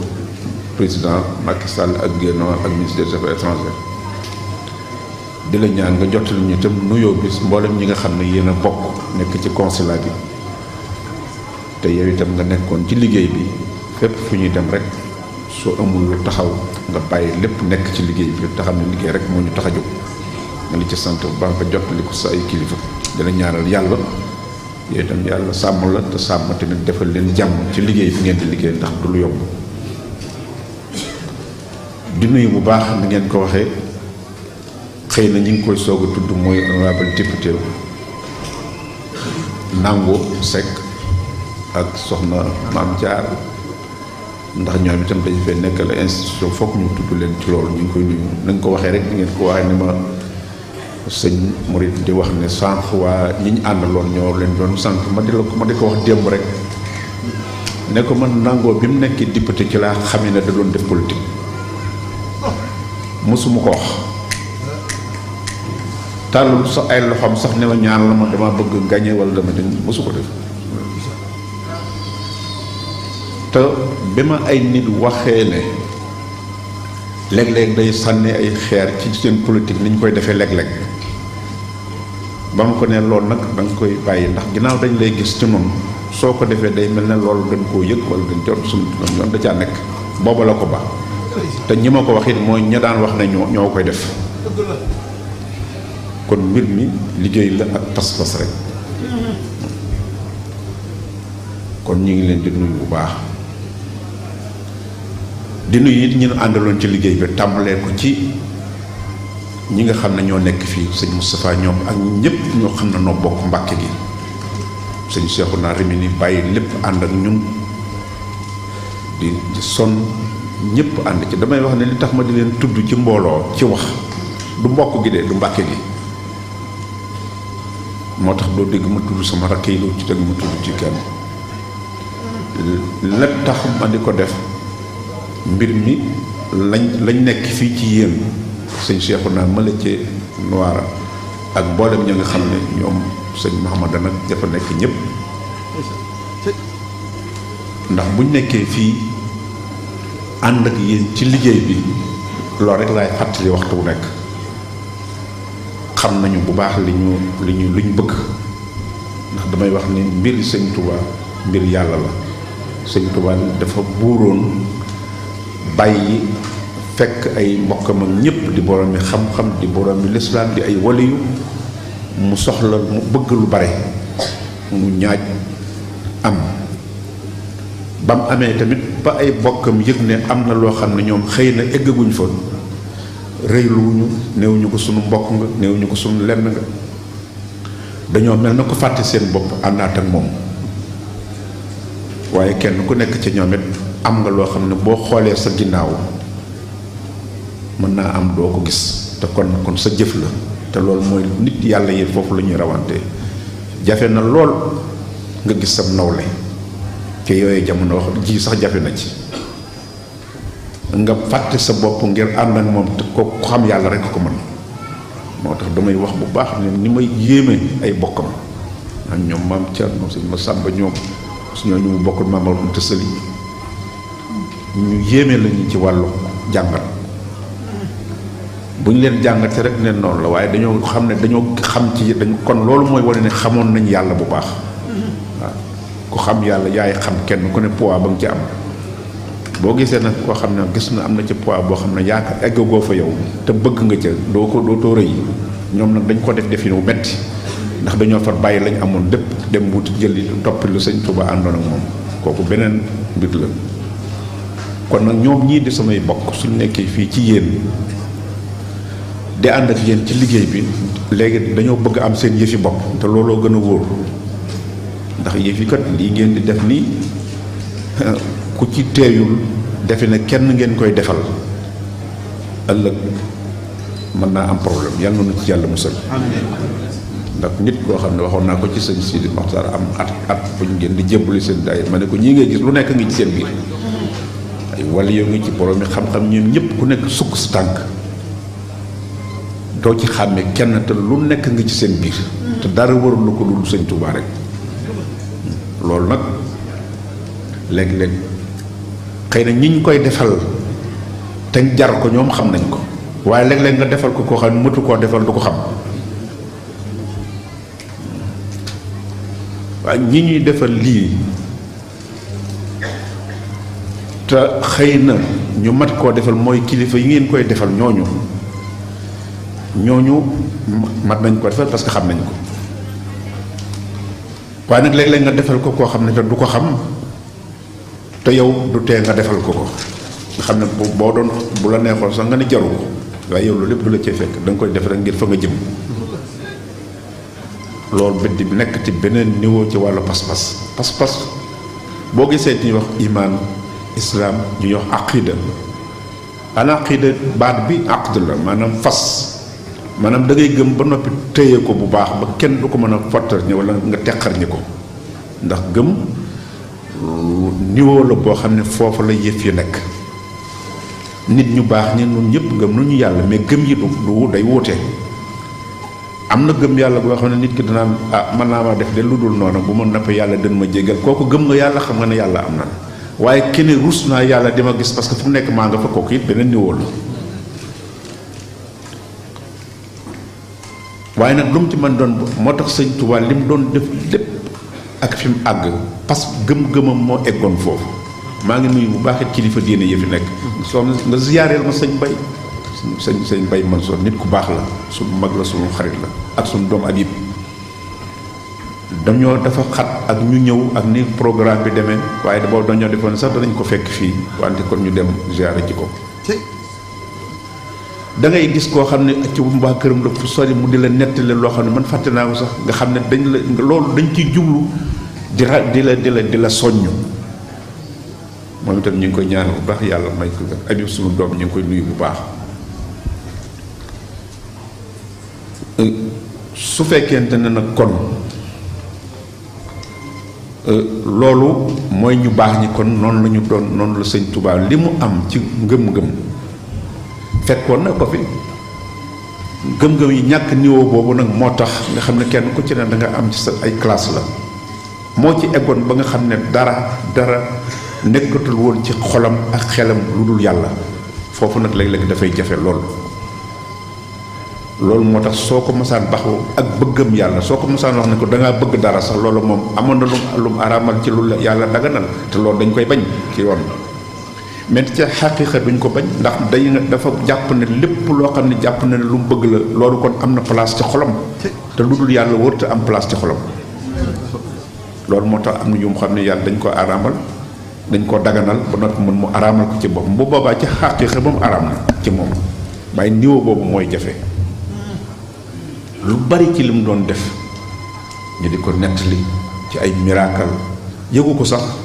président Macky Sall ak gouvernement ak ministre de affaires étrangères di la ñaan nga jottali ñu itam nuyoo bis mbooleem ñi nga xam ne yéen a bokk nekk ci consulat bi te yow itam nga nekkoon ci liggéey bi fépp fu ñuy dem rek soo amul lu taxaw nga bàyyi lépp nekk ci liggéey bi te xam ne liggéey rek moo ñu tax a nga li ci sant bu baax nga jottali ko sa ay kilifa di la ñaanal yàlla. yooyu itam yàlla sàmm la te sàmm tamit defal leen jàmm ci liggéey bi ngeen di liggéey ndax du lu di nuyu bu baax ni ngeen ko waxee xëy na ñu ngi koy soog a tudd mooy honorable député Nango Seck ak soxna Maam Jaar ndax ñoom itam dañu fee nekk la institution fokk ñu tudd leen ci loolu ñu ngi koy nuyu na nga ko waxee rek ni ngeen ko waxee ni ma sëñ Mouride di wax ni sànq waa ñi ñu àndaloon ñoo leen doon sant ma di la ko ma di ko wax démb rek ne ko man nangoo bi mu nekkee député ci laa xamee ne da doon def politique. mësuma ko wax tàllul sax ay loxoom sax ne ma ñaan la ma dama bëgg gañe wala dama dem mësu ko def te bi ma ay nit waxee ne léeg-léeg day sànni ay xeer ci seen politique ni ñu koy defee léeg-léeg ba ma ko ne loolu nag da nga koy bàyyi ndax ginnaaw dañ lay gis ci noonu soo ko defee day mel na loolu dañ koo yëg wala dañ jot suñu yoon da caa nekk booba la ko ba te ñi ma ko wax it mooy ña daan wax ne ñoo koy def kon mbir mi liggéey la ak pas-pas rek kon ñu ngi leen di nuyu bu baax di nuyu it ñu nu àndaloon ci liggéey bi tàmbalee ko ci ñi nga xam ne ñoo nekk fii sëñ Moustapha ñoom ak ñëpp ñoo xam ne noo bokk mbàkke gi sëñ Cheikhouna Rimini bàyyi lépp ànd ak ñun di di sonn. ñëpp ànd ci damay wax ne li tax ma di leen tudd ci mbooloo ci wax du mbokk gi de du mbàkke gi moo tax doo dégg ma tudd sama rakk yi ci dégg ma tudd ci kenn la tax ma di ko def mbir mi lañ lañ nekk fii ci yéen sëñ Cheikhu naa ma la ci Noara ak boolem ñoo nga xam ne ñoom sëñ Mouhamad nag dafa nekk ñëpp ndax buñ nekkee fii ànd ak yéen ci liggéey bi loolu rek laay fàttali waxtu wu nekk xam nañu bu baax li ñu li ñu bëgg ndax damay wax ni mbir sëñ Touba mbir yàlla la sëñ Touba dafa buuroon bàyyi fekk ay mbokkam ak ñépp di boroomi xam-xam di boroomi lislaam di ay waliyu mu soxla mu bëgg lu bare mu ñaaj am ba mu amee tamit ba ay bokkam yëg ne am na loo xam ne ñoom xëy na eggaguñ fa rëyluwuñu néewuñu ko sunu mbokk nga néewuñu ko sunu lenn nga dañoo mel na ko fàtte seen bopp àndaat ak moom waaye kenn ku nekk ci ñoom am nga loo xam ne boo xoolee sa ginnaaw mën naa am doo ko gis te kon kon sa jëf la te loolu mooy nit yàlla yi foofu la ñuy rawante jafe na lool nga gis sam nawle ci yooyu jamono wax ji sax jafe na ci nga fàtte sa bopp ngir ànd ak moom te ko xam yàlla rek ko mën moo tax damay wax bu baax ne ni may yéeme ay bokkam ak ñoom maam Thierno sëñ ma sàmba ñoom su ñoo ñu mu bokkul maam ñu yéeme lañu ci wàllu jàngat bu ñu leen jàngatee rek ne noonu la waaye dañoo xam ne dañoo xam ci dañ kon loolu mooy wane ne xamoon nañ yàlla bu baax ko xam yàlla yaay xam kenn ku ne poids ba nga ci am boo gisee nag koo xam ne gis na am na ci poids boo xam ne yaakaar eggagoo fa yow te bëgg nga ca doo ko doo too rëy ñoom nag dañ ko def defin wu metti ndax dañoo fa bàyyi lañ amoon lépp dem wuti jëli toppi lu sëñ Touba àndoon ak moom kooku beneen mbir la kon nag ñoom ñii di samay bokk suñu nekkee fii ci yéen di ànd ak yéen ci liggéey bi léegi dañoo bëgg am seen yëfi bopp te looloo gën a ndax yëf yi kat lii ngeen di def nii ku ci teeyul defe na kenn ngeen koy defal ëllëg mën naa am problème yàlla na ci yàlla musal ndax nit koo xam ne waxoon naa ko ci sëñ Sidi Moxtar am at at ñu ngeen di jébbali seen daay ma ne ko ñii ngay gis lu nekk ngi ci seen biir ay wàllu yoo ngi ci borom yi xam-xam ñoom ñëpp ku nekk sukk sa tànk doo ci xàmme kenn te lu nekk nga ci seen biir te dara warul ko dul sëñ Tuubaa rek loolu nag léeg-léeg xëy na ñi ñu koy defal te jar ko ñoom xam nañ ko waaye léeg-léeg nga defal ko koo xam ne mëtu koo defal du ko xam waaye ñi ñuy defal lii te xëy na ñu mat koo defal mooy kilifa yi ngeen koy defal ñooñu ñooñu mat nañ ko defal parce que xam nañ ko waaye nag léeg-léeg nga defal ko koo xam ne te du ko xam te yow du tee nga defal ko ko nga xam ne bu boo doon bu la neexoon sax nga ne jaru ko waaye yow loolu lépp du la cee fekk da nga koy def rek ngir fa nga jëm loolu bët di nekk ci beneen niveau ci wàllu pas-pas pas-pas boo gisee ñuy wax imaan islaam ñuy wax aqida al aqida baat bi aqd la maanaam fas maanaam da gëm ba noppi téye ko bu baax ba kenn du ko mën a fottar ñi wala nga teqar ñi ko ndax gëm niveau la boo xam ne foofu la yëf yi nekk nit ñu baax ñi ñun ñëpp gëm nañu yàlla mais gëm yi du du day wuute am na gëm yàlla boo xam ne nit ki danaan ah mën naa maa def de lu dul noonu bu ma napp yàlla dën ma jégal kooku gëm nga yàlla xam nga ne yàlla am na waaye keneen rus naa yàlla di ma gis parce que fu nekk maa nga fa kooku it beneen niveau la waaye nag lu mu ci man doon moo tax sëñ Tuubaa li mu doon def lépp ak fi mu àgg parce que gëm-gëmam moo eggoon foofu maa ngi nuyu bu baax it kilifa diine yi fi nekk. soo nga ziyaareel ma sañ Bay sëñ sëñ Bay Mansour nit ku baax la suñu mag la suñu xarit la ak suñu doom Habib dañoo dafa xat ak ñu ñëw ak ni programme bi demee waaye boobu dañoo defoon sax danañ ko fekk fii wante kon ñu dem ziyaare ji ko. da ngay gis koo xam ne ci waa këram la fu sori mu di la nettali loo xam ne man fàtte naa ko sax nga xam ne dañ la loolu dañ ciy jublu di ra di la di la di la soññ moom itam ñu ngi koy ñaanal bu baax yàlla may ko abib suñu doom ñu ngi koy nuyu bu baax euh, su fekkente ne nag kon euh, loolu mooy ñu baax ñi kon noonu la doon noonu la sëñ tubaab li mu am ci ngëm-ngëm fekkoon na ko fi gëm-gëm yi ñàkk niveau boobu nag moo tax nga xam ne kenn ku ci ne da nga am ci sa ay classe la moo ci eggoon ba nga xam ne dara dara nekkatul woon ci xolam ak xelam lu dul yàlla foofu nag léeg-léeg dafay jafe lool. loolu moo tax soo ko mosaan baxoo ak bëggam yàlla soo ko mosaan wax ne ko da ngaa bëgg dara sax loolu moom amoon na lu mu araamal ci lu yàlla daganal te loolu dañ koy bañ ci yoon. mais ca xaqiiqa duñ ko bañ ndax day dafa jàpp ne lépp loo xam ne jàpp na ne lu mu bëgg la loolu kon am na place ci xolom te lu dul yàlla wërta am place ci xolam loolu moo tax am na yu mu xam ne yàlla dañ koo araamal dañ koo daganal ba noppi mën mu araamal ko ci boppam bu boobaa ci xaqiiqa ba mu araam na ci moom waaye niveau boobu mooy jafe lu bari ci li mu doon def ñu di ko nettali ci ay miracle yégu ko sax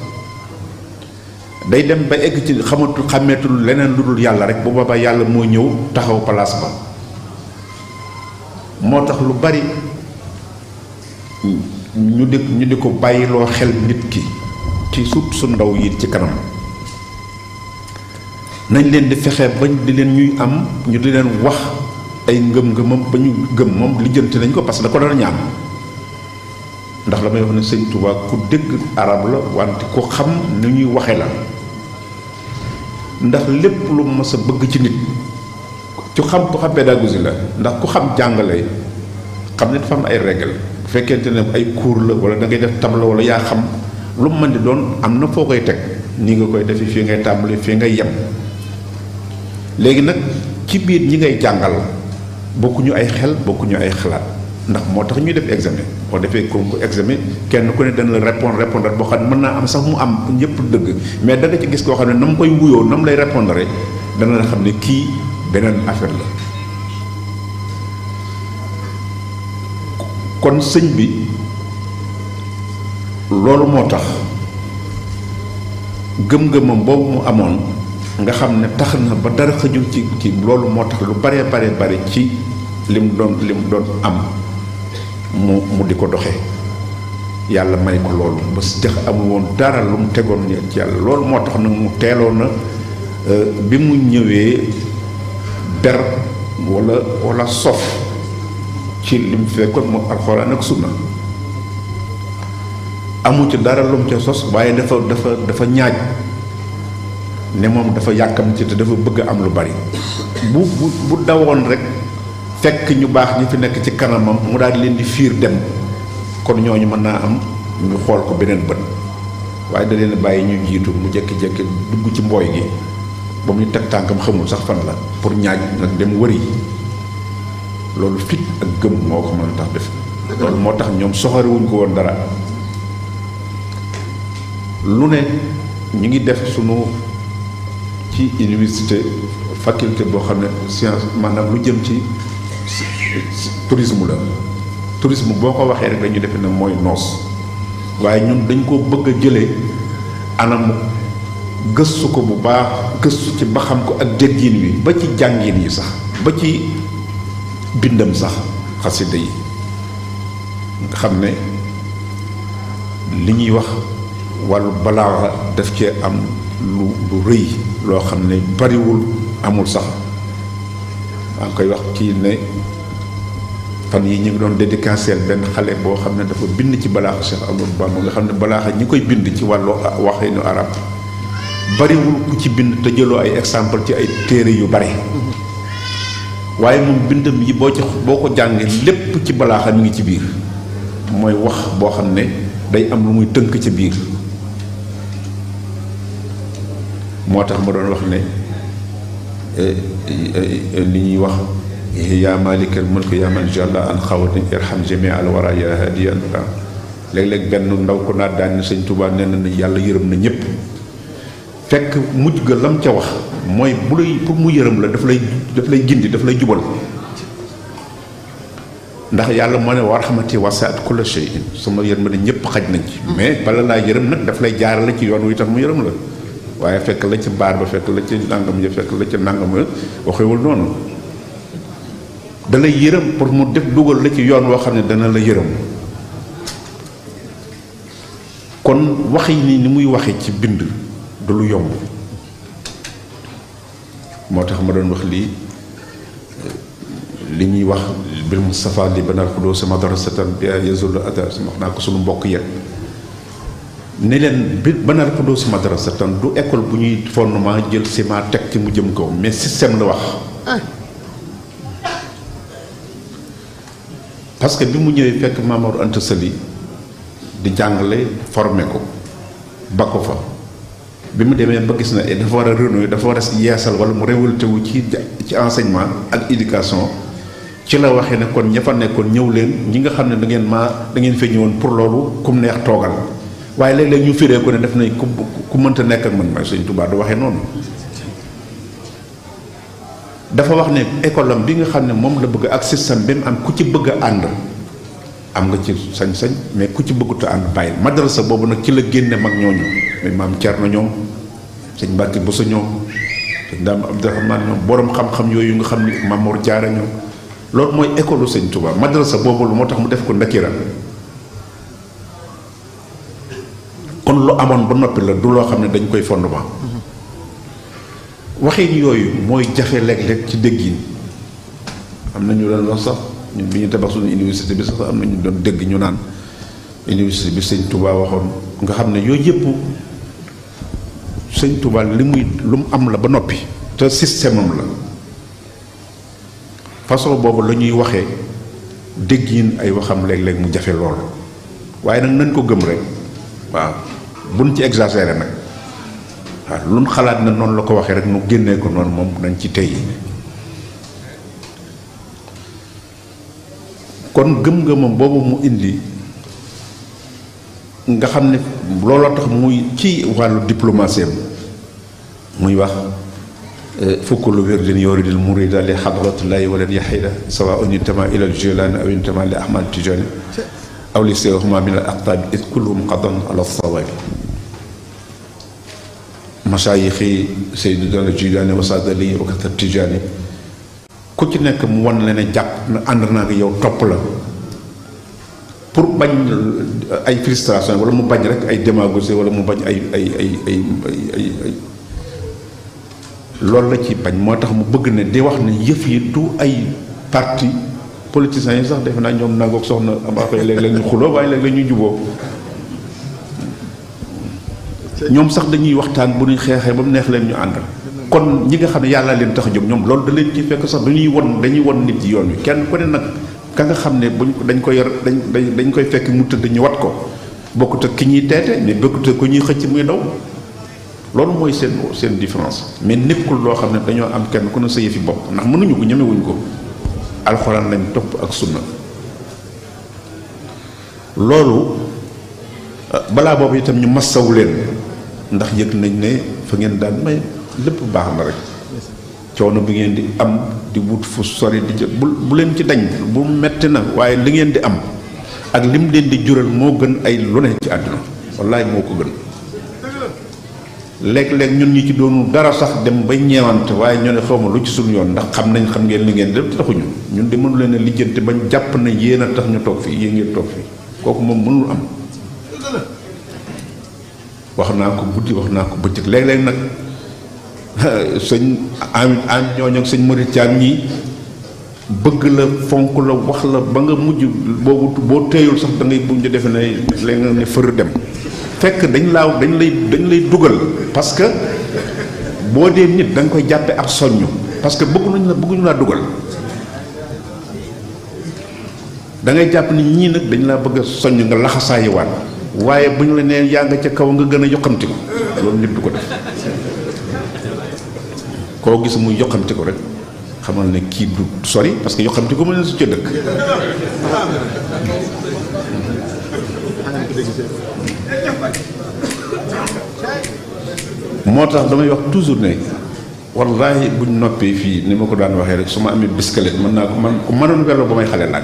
day dem ba egg ci xamatul xàmmeetul leneen lu dul yàlla rek bu boobaa yàlla moo ñëw taxaw palaas ba moo tax lu bari ñu di ñu di ko bàyyiloo xel nit ki ci suut su ndaw yi ci kanam nañ leen di fexee bañ di leen ñuy am ñu di leen wax ay ngëm-ngëmam ba ñu gëm moom lijjanti nañ ko parce que da ko daan ñaan ndax la may wax ne sëñ Tuubaa ku dégg arab la wante ku xam ni ñuy waxe la ndax lépp lu mës a bëgg ci nit ci xam ku xam pédagogie la ndax ku xam jàngale xam ne fa am ay règle bu fekkente ne ay cours la wala da ngay def tableau wala yaa xam lu mu mën di doon am na foo koy teg nii nga koy defi fii ngay tàmbali fii ngay yem léegi nag ci biir ñi ngay jàngal bokkuñu ay xel bokkuñu ay xalaat ndax moo tax ñuy def examen boo defee concours examen kenn ku ne dana la répondre répondre boo xam ne mën naa am sax mu am ñëpp dëgg mais da ci gis koo xam ne na koy wuyoo na mu lay répondre dana la xam ne kii beneen affaire la kon sëñ bi loolu moo tax gëm-gëmam boobu mu amoon nga xam ne tax na ba dara xëjul ci ci loolu moo tax lu bare bare bare ci lim doon lim doon am mu mu di ko doxee yàlla may ko loolu ba si jax amul woon dara lu mu tegoon ci yàlla loolu moo tax nag mu teeloon na euh, bi mu ñëwee ber wala wala sof ci li fekkoon moom alxuraan ak sunna amu ci dara lu mu ca sos waaye dafa dafa dafa ñaaj ne moom dafa yàkkam te dafa bëgg am lu bari bu bu bu dawoon rek fekk ñu baax ñi fi nekk ci kanamam mu daal di leen di fiir dem kon ñooñu mën naa am ñu xool ko beneen bët waaye da leen bàyyi ñu jiitu mu jékki-jékki dugg ci mbooy gi ba mu ñu teg tànkam xamul sax fan la pour ñaaj nag dem wëri loolu fit ak gëm moo ko mën a tax def loolu moo tax ñoom soxariwuñ ko woon dara lu ne ñu ngi def sunu ci université faculté boo xam ne science maanaam lu jëm ci tourisme la tourisme boo ko waxee rek dañu defe na mooy noos waaye ñun dañ ko bëgg a jële anam gëstu ko bu baax gëstu ci ba xam ko ak déggin wi ba ci jàngin yi sax ba ci bindam sax xasida yi nga xam ne li ñuy wax wàllu balaaxa def cee am lu lu rëy loo xam ne bariwul amul sax maa koy wax kii ne fan yi ñu ngi doon dédicaceel benn xale boo xam ne dafa bind ci balaaxu Cheikh Amadou Bamba nga xam ne balaaxa ñi koy bind ci wàllu waxinu arab bariwul ku ci bind te jëloo ay exemple ci ay téere yu bari waaye moom bindam yi boo ci boo ko jàngee lépp ci balaaxa mi ngi ci biir mooy wax boo xam ne day am lu muy tënk ci biir moo tax ma doon wax ne Eh, eh, eh, li ñuy wax yaa maalikal mulk yaa man jalla an xawni irham jami al wara yaa hadiya al quran léeg-léeg benn ndaw ko naat daan ne sëñ Tuubaa nee yàlla yërëm na ñëpp fekk mujj ga lam ca wax mooy bu lay pour mu yërëm la daf lay daf lay gindi daf lay jubal ndax yàlla moo ne wa rahmati wasi'at kulla shay'in sama yërmande ñëpp xaj nañ ci mm. mais bala laa yërëm nag daf lay jaaral jaarale ci yoon wi tax mu yërëm la waaye fekk la ca baar ba fekk la ca nangam ja fekk la ca nangam ya waxewul noonu da lay yërëm pour mu def dugal la ci yoon woo xam ne dana la yërëm kon wax yi ni ni muy waxe ci bind du lu yomb moo tax ma doon wax lii li ñuy wax bil Mustafa li banal xudoo sama darasatan bi yazul atar wax naa ko sunu mbokk yet ne leen bi bana rek doo dara madrasa tan du école bu ñuy fondement jël ciment teg ci mu jëm ko mais système la wax ah. parce que bi mu ñëwee fekk Mamadou Anta Sali di jàngale formé ko ba ko fa bi mu demee ba gis na eh, dafa war a renouer dafa war a yeesal wala mu révolté wu ci ci enseignement ak éducation ci la waxee ne kon ña fa nekkoon ñëw leen ñi nga xam ne da ngeen maa dangeen ngeen fee ñëwoon pour loolu kum neex toogal waaye léeg ñu firee ko ne def nañ ku ku mënta nekk ak man mooy sañ Tuubaa du waxee noonu dafa wax ne école am bi nga xam ne moom la bëgg ak système bi mu am ku ci bëgg a ànd am nga ci sañ-sañ mais ku ci bëggut a ànd bàyyi madrasa boobu nag ci la génne mag ñooñu muy maam Cerno ñoom sëñ Mbàkke Buso ñoom sëñ Daam Abdurahmaan ñoom borom xam-xam nga xam ne Mamoor Jaara ñoom loolu mooy école u sëñ Tuubaa boobu lu moo tax mu def ko ndakira lu amoon ba noppi la du loo xam ne dañ koy fondement waxin yooyu mooy jafe léeg-léeg ci déggin am na ñu doon wax sax ñun bi ñu tabax suñu université bi sax am na ñu doon dégg ñu naan université bi sëñ Touba waxoon nga xam ne yooyu yëpp sëñ Touba li muy lu mu am la ba noppi te système am la façon boobu la ñuy waxee déggin ay waxam léeg-léeg mu jafe lool waaye nag nañ ko gëm rek waaw buñ ci exagéré nag waaw luñ xalaat na noonu la ko waxee rek nu génnee ko noonu moom nañ ci tey kon gëm-gëmam boobu mu indi nga xam ne looloo tax muy ci wàllu diplomatie muy wax eh, fukk lu wér din yooridil murida li xadratullahi walan yaxida sawa un intama ilal jilani aw intama li ahmad tijani aw li sewahuma min al aqtaabi id kulluhum qadan ala sawaabi masaayixi Seydina Jilaani wa Saadali wa Kata Tijaani ku ci nekk mu wan la ne jàpp na ànd naa yow topp la pour bañ ay frustration wala mu bañ rek ay démagogie wala mu bañ ay ay ay ay la ci bañ moo tax mu bëgg ne di wax ne yëf ay parti politiciens yi sax defe naa ñoom nangook soxna am affaire léeg-léeg ñu xuloo waaye léeg juboo ñoom sax dañuy waxtaan bu ñu xeexee ba mu neex leen ñu ànd kon ñi nga xam ne yàlla leen tax a ñoom loolu da leen ci fekk sax dañuy won dañuy won nit yi yoon wi kenn ku nag ka nga xam ne buñ dañ koy dañ dañ koy fekk mu tëdd ñu wat ko bokkut ak ki ñuy teete mais bokkut ak ku ñuy xëcc muy daw loolu mooy seen seen différence mais nekkul loo xam ne dañoo am kenn ku ne sa yëfi bopp ndax mënuñu ko ñemewuñ ko alxuraan lañ topp ak sunna loolu balaa boobu itam ñu massaw leen ndax yëg nañ ne fa ngeen daan may lépp baax na rek coono bi ngeen di am di wut fu sori di jël bu bu leen ci dañ bu metti na waaye li ngeen di am ak li mu leen di jural moo gën ay lu ne ci àdduna wallaay moo ko gën léeg-léeg ñun ñi ci doonu dara sax dem ba ñeewante waaye ñoo ne xaw ma lu ci suñu yoon ndax xam nañ xam ngeen li ngeen def taxuñu ñun di mënu leen a lijjante bañ jàpp na yéen a tax ñu toog fii yéen ngeen toog kooku moom mënul am naa ko guddi wax naa ko bëccëg léeg-léeg nag sëñ am am ñooñu ak sëñ Mori Thiam ñii bëgg la fonk la wax la ba nga mujj boobu boo teeyul sax da ngay ñu defee ne léegi nga ne fër dem fekk dañ laaw dañ lay dañ lay dugal parce que boo dee nit da koy jàppe ak soññu parce que bëgg nañ la bëgguñu laa duggal dangay ngay jàpp ni ñii nag dañ laa bëgg a nga laxasaayi waat waaye bu ñu la nee yaa nga ca kaw nga gën a yokkamti ko loolu nit du ko def koo gis muy yokkamti ko rek xamal ne kii du sori parce que yokkamti ko mën na su ca dëkk moo tax damay wax toujours ne wallaahi buñ noppee fii ni ma ko daan waxee rek su ma amee biskalet mën naa ko man ku mënoon welo may xale laa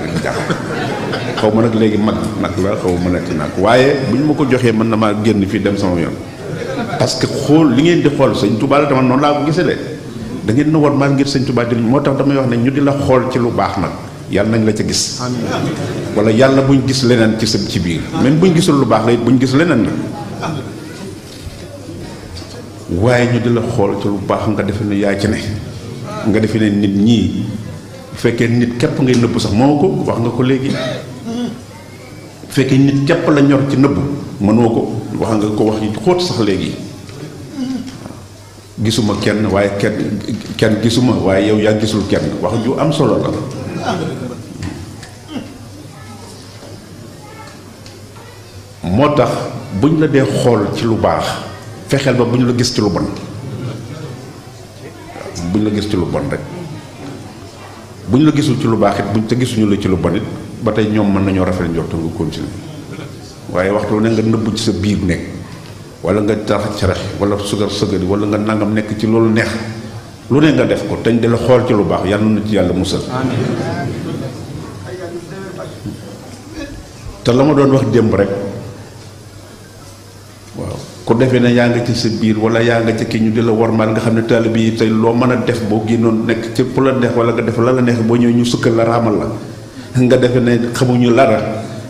xaw ma nag léegi mag nag la xaw ma nekk nag waaye bu ñu ma ko joxee mën na maa génn fii dem sama yoon parce que xool li ngeen di xool sëñ Tuubaa la tamit noonu laa ko gisee de da ngeen na war maa ngir sëñ Tuubaa di moo tax damay wax ne ñu di la xool ci lu baax nag yàlla nañ la ca gis wala yàlla buñ gis leneen ci sa ci biir même buñ gisul lu baax la it buñ gis leneen waaye ñu di la xool ci lu baax nga defe ne yaay ci ne nga defe ne nit ñii bu fekkee nit képp ngay nëbb sax moo ko wax nga ko léegi bu fekkee nit képp la ñor ci nëbb mënoo ko wax nga ko wax yi xóot sax léegi gisuma kenn waaye kenn gisuma waaye yow yaa gisul kenn wax ju am solo la moo tax buñ la dee xool ci lu baax fexeel ba bu ñu la gis ci lu bon la gis ci lu bon rek bu ñu la gisul ci lu baax it buñ te gisuñu la ci lu bon it ba tey ñoom mën nañoo rafet njort nga continuer waaye waxtu ne nga nëbb ci sa biir nekk wala nga tax carax wala sugar sëgari wala nga nangam nekk ci loolu neex lu ne nga def ko dañ dala xool ci lu baax yàlla na ci yàlla musal te la ma doon wax démb rek ku defee na yaa nga ci sa biir wala yaa nga ci ki ñu di la warmaal nga xam ne taalibe yi tey loo mën a def boo génnoon nekk ci fu la neex wala nga def la la neex boo ñëw ñu sukkal la raamal la nga defee ne xamuñu lara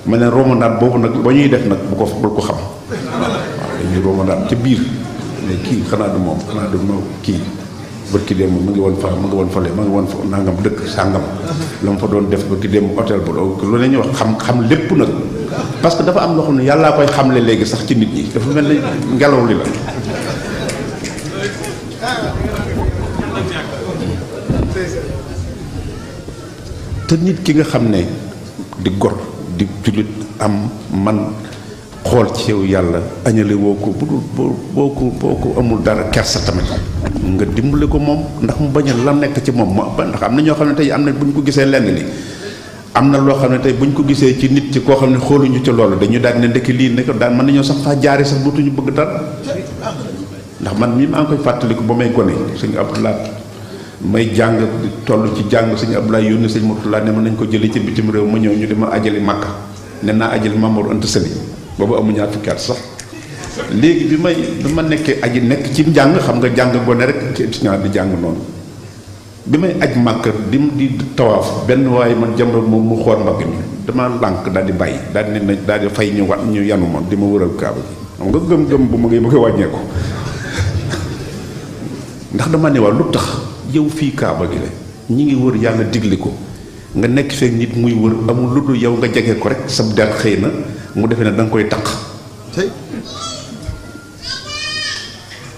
ma ne romanaat boobu nag ba ñuy def nag bu ko bul ko xam waaw dañuy romanaat ci biir mais kii xanaa du moom xanaa du moom kii bërki démb mu mu ngi woon fa mu ngi woon fale mu ngi woon fa nangam dëkk sàngam la mu fa doon def bërki démb hôtel bu lu ne ñu wax xam xam lépp nag parce que dafa am loo xam ne yàllaa koy xamle léegi sax ci nit ñi dafa mel ne ngelaw li la te nit ki nga xam ne di gor di jullit am man xool ci yow yàlla añale woo ko bu dul boo ko boo ko amul dara kersa tamit nga dimbale ko moom ndax mu bañ la nekk ci moom moo ndax am na ñoo xam ne tey am na bu ñu ko gisee lenn li am na loo xam ne tey bu ñu ko gisee ci nit ci koo xam ne xooluñu ci loolu dañu daan ne ndekki lii nekk daan mën nañoo sax faa jaare sax dootuñu bëgg dara ndax man mii maa ngi koy fàttaliku ba may gone sëñ Abdoulaye may jàng tollu ci jàng sëñ Abdoulaye yónni sëñ Mourtala ne mën nañ ko jëlee ci bitim réew ma ñëw ñu di ma ajali Makka ne naa ajali Mamour Anta Sali boobu amu ñaar fukki at sax léegi bi may bi ma nekkee aji nekk ci njàng xam nga jàng gone rek ci di jàng noonu bi may aj màkk di di tawaaf benn waaye man jamono moom mu xool mbagg mi dama lànk daal di bàyyi daal di ne daal di fay ñu wat ñu yanu ma di ma wëral kaaba gi xam nga gëm-gëm bu ma ngi bëgg a wàññeeku ndax dama ne waa lu tax yow fii kaaba gi la ñi ngi wër yàlla digli ko nga nekk feek nit muy wër amul lu dul yow nga jege ko rek sab der xëy na mu defee na danga koy taq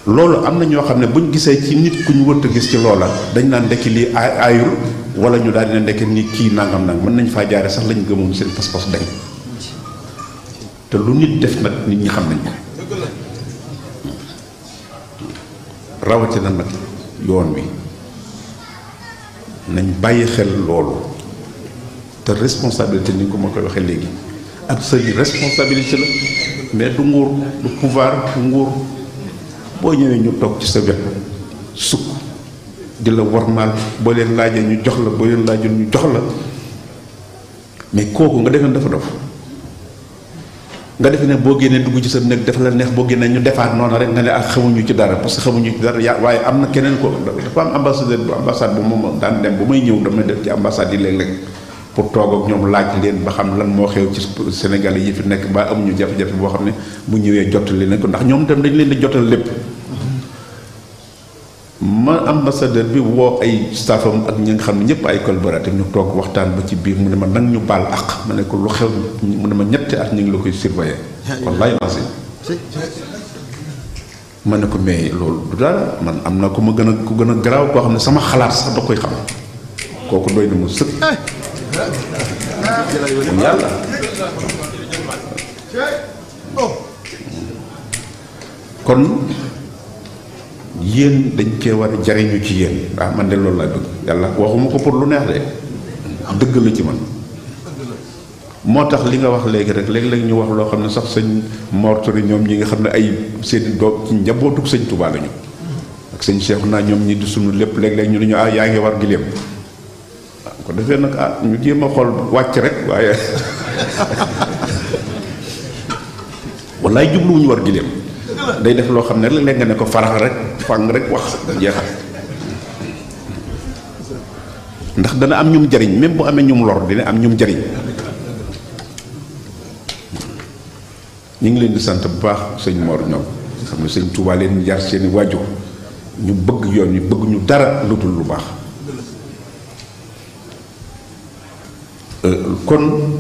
loolu am na ñoo xam ne buñ gisee ci nit ku ñu wëtt gis ci loola dañ naan ndekki lii aayul wala ñu daal dina ndekki ni kii nangam nag mën nañ faa jaare sax lañu gëmoon seen pas-pas dañ te lu nit def nag nit ñi xam nañ ko rawatina nag yoon wi nañ bàyyi xel loolu te responsabilité ni ko ma koy waxee léegi ak sëñ responsabilité la mais du nguur du pouvoir du nguur boo ñëwee ñu toog ci sa wet sukk di la warmaal boo leen laajee ñu jox la boo leen laajul ñu jox la mais kooku nga defee dafa dof nga defe ne boo génnee dugg ci sa néeg dafa la neex boo génnee ñu defaat noonu rek nga ne ak ah, xamuñu ci dara parce que xamuñu ci dara yaa waaye am na keneen ko dafa am ambassadeur bu ambassade bu moom daan dem bu may ñëw damay def ci ambassade yi léeg-léeg pour toog ak ñoom laaj leen ba xam lan moo xew ci Sénégal yi fi nekk ba amuñu jafe-jafe boo xam ne mu ñëwee jottali nañ ko ndax ñoom tam dañ leen di jotal lépp ma ambassadeur bi woo ay staffam ak ñi nga xam ne ñëpp ay collaborateur ñu toog waxtaan ba ci biir mu ne ma nag ñu baal ak ma ne ko lu xew mu ne ma ñetti at ñu ngi la koy surveiller wallaay lancé ma ne ko mais loolu du dara man am na ku ma gën a ku gën a garaaw koo xam ne sama xalaat sax da koy xam kooku mu sëkk kon yàlla kon yéen dañ cee war a jariñu ci yéen ndax ah, man de loolu laa bëgg yàlla waxuma ko pour lu neex de dëgg la ci man moo tax li nga wax léegi rek léeg-léeg ñu wax loo xam ne sax sëñ mortori ñoom ñi nga xam ne ay seen doom ci njabootug sëñ Tuubaa lañu ak sëñ Cheikh naa ñoom ñi di sunu lépp léeg-léeg ñu ne ñu ah yaa ngi war gileem ko defee nag ah ñu jéem a xool wàcc rek waaye wallaay jubluwuñu war gileem day def loo xam ne léeg-léeg nga ne ko farax rek fang rek wax jeexal ndax dana am ñum jariñ même bu amee ñum lor dina am ñum jariñ ñu ngi leen di sant bu baax sëñ Mor ñoom xam ne sëñ Touba yar seeni waajur ñu bëgg yoon ñu bëgg ñu dara lu dul lu baax kon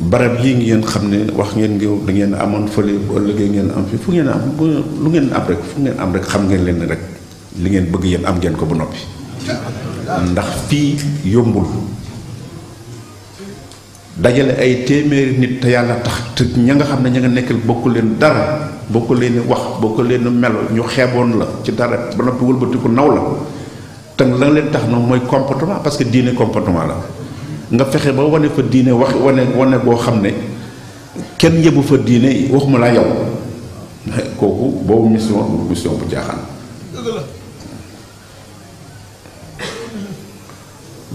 barab yii ngeen xam ne wax ngeen ngi da ngeen amoon fële bu ëllëgee ngeen am fii fu ngeen am lu ngeen am rek fu ngeen am rek xam ngeen leen rek li ngeen bëgg yéen am ngeen ko ba noppi ndax fii yombul dajale ay téeméeri nit te yàlla tax te ña nga xam ne ña nga nekkal bokk leen dara bokk leen wax bokk leen melo ñu xeeboon la ci dara ba noppi wëlbatiku naw la te la leen tax noonu mooy comportement parce que diine comportement la nga fexe ba wane fa diine wax wane wane boo xam ne kenn yëbu fa diine waxuma laa yow kooku boobu mission mission bu jaaxaan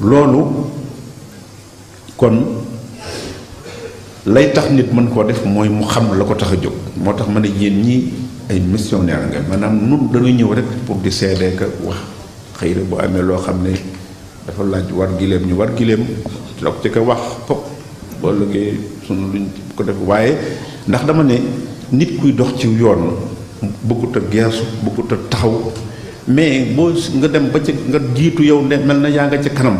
loolu kon lay tax nit mën koo def mooy mu xam la ko tax a jóg moo tax ma ne yéen ñi ay missionnaire nga maanaam nun dañuy ñëw rek pour di seedee ka wax xëy na bu amee loo xam ne dafa laaj war gileem ñu war gileem doog ci ko wax ko boo liggéey sunu luñ ko def waaye ndax dama ne nit kuy dox ci yoon bëggut a geesu bëggut a taxaw mais boo nga dem ba ci nga jiitu yow ne mel na yaa nga ci kanam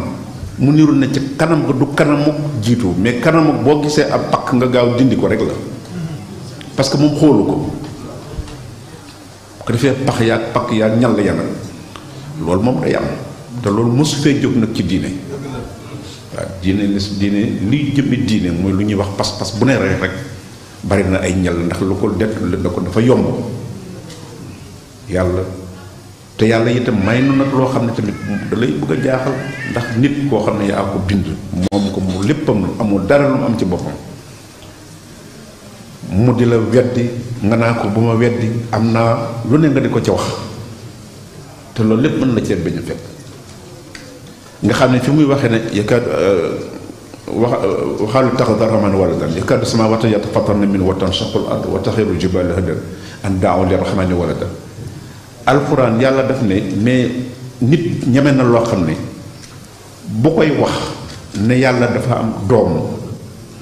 mu niru ne ci kanam nga du kanamu jiitu mais kanamu boo gisee ab pakk nga gaaw dindi ko rek la parce que moom xoolu ko bu ko defee pax yaag pakk yaag ñal ya nag loolu moom day am te loolu mosu fee jóg nag ci diine waaw diine su diine liy jëmmi diine muy lu ñuy wax pas-pas bu ne rek rek bari na ay ñal ndax lu ko dett la ko dafa yomb yàlla te yàlla itam may na nag loo xam ne te da lay bëgg jaaxal ndax nit koo xam ne yaa ko bind moom ko mu léppam amul dara lu am ci boppam mu di la weddi nga naa ko bu ma weddi am naa lu ne nga di ko ca wax te loolu lépp mën na ceeb bi a fekk nga xam ne fi muy waxee ne yakaadu euh, wax euh, waxaalu tax daraman waladan yakaadu samawatu yatafattarna min watan shaqul ard wa taxiru jibalu hadan an daaw li rahmani waladan alquran yàlla daf ne mais nit ñeme na loo xam ne bu koy wax ne yàlla dafa am doom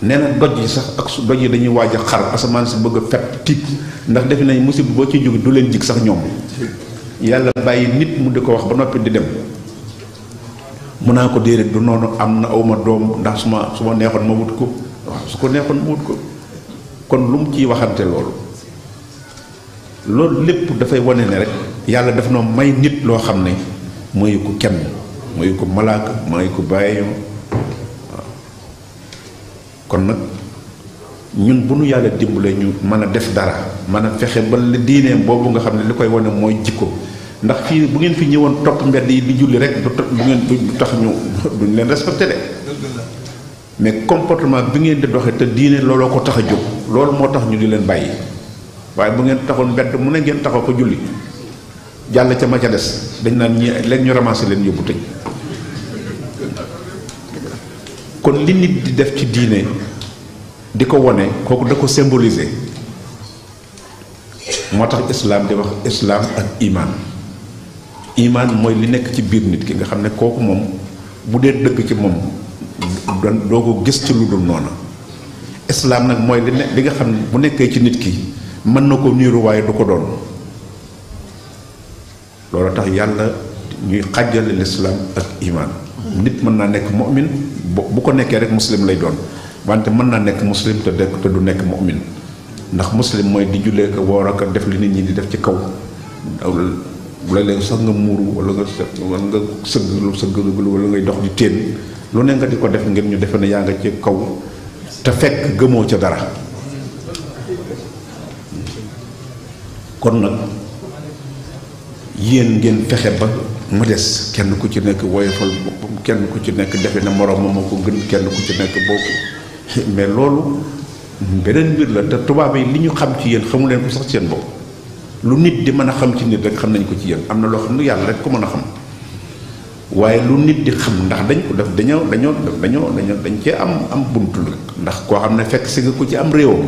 nee na doj yi sax ak su doj yi dañuy waaj a xar asamaan si bëgg a fet tiit ndax defe nañ musib boo ciy jóg du leen jig sax ñoom yàlla bàyyi nit mu di ko wax ba noppi di dem mun naa ko déedéet du noonu am na awma doom ndax su ma su ma neexoon ma wut ko waaw su ko neexoon ma wut ko kon lu mu ciy waxante loolu loolu lépp dafay wone ne rek yàlla daf noo may nit loo xam ne mooy ko kenn mooy ko malaaka mooy ko bàyyi waaw kon nag ñun bu ñu yàlla dimbalee ñu mën a def dara mën a fexe ba li diinee boobu nga xam ne li koy wane mooy jikko ndax fii bu ngeen fi ñëwoon topp mbedd yi di julli rek du ngeen du tax ñu duñ leen respecté de mais comportement bi ngeen di doxee te diine looloo ko tax a jóg loolu moo tax ñu di leen bàyyi waaye bu ngeen taxoon mbedd mu ne ngeen taxaw ko julli jàll ca ma ca des dañ naan ñi leen ñu ramassé leen yóbbu tëj kon li nit di def ci diine di ko wone kooku da ko symboliser moo tax islaam di wax islaam ak imaan imaan mooy li nekk ci biir nit ki nga xam ne kooku moom bu dee dëgg ci moom doo ko gis ci lu dul noona islaam nag mooy li ne li nga xam ne bu nekkee ci nit ki mën na ko niiru waaye du ko doon loolu tax yàlla ñuy xàjjale lislaam ak imaan nit mën naa nekk mu'min bu ko nekkee rek muslim lay doon wante mën na nekk muslim te dekk te du nekk mu'min ndax muslim mooy di jullee ko woor ak def li nit ñi di def ci kaw léeg-léeg sax nga muuru wala nga wala nga sëgg lu sëgg lu wala ngay dox di téen lu ne nga di ko def ngeen ñu defe ne yaa nga ci kaw te fekk gëmoo ca dara kon nag yéen ngeen fexe ba mu des kenn ku ci nekk woyofal boppam kenn ku ci nekk defe na moroomam moo ko gën kenn ku ci nekk boo mais loolu beneen mbir la te tubaab yi li ñu xam ci yéen xamu leen ko sax seen bopp lu nit di mën a xam ci nit rek xam nañ ko ci yéen am na loo xam ne yàlla rek ko mën a xam waaye lu nit di xam ndax dañ ko def dañoo dañoo dañoo dañoo dañ cee am am buntu la ndax koo xam ne fekk sëgg ko ci am réewam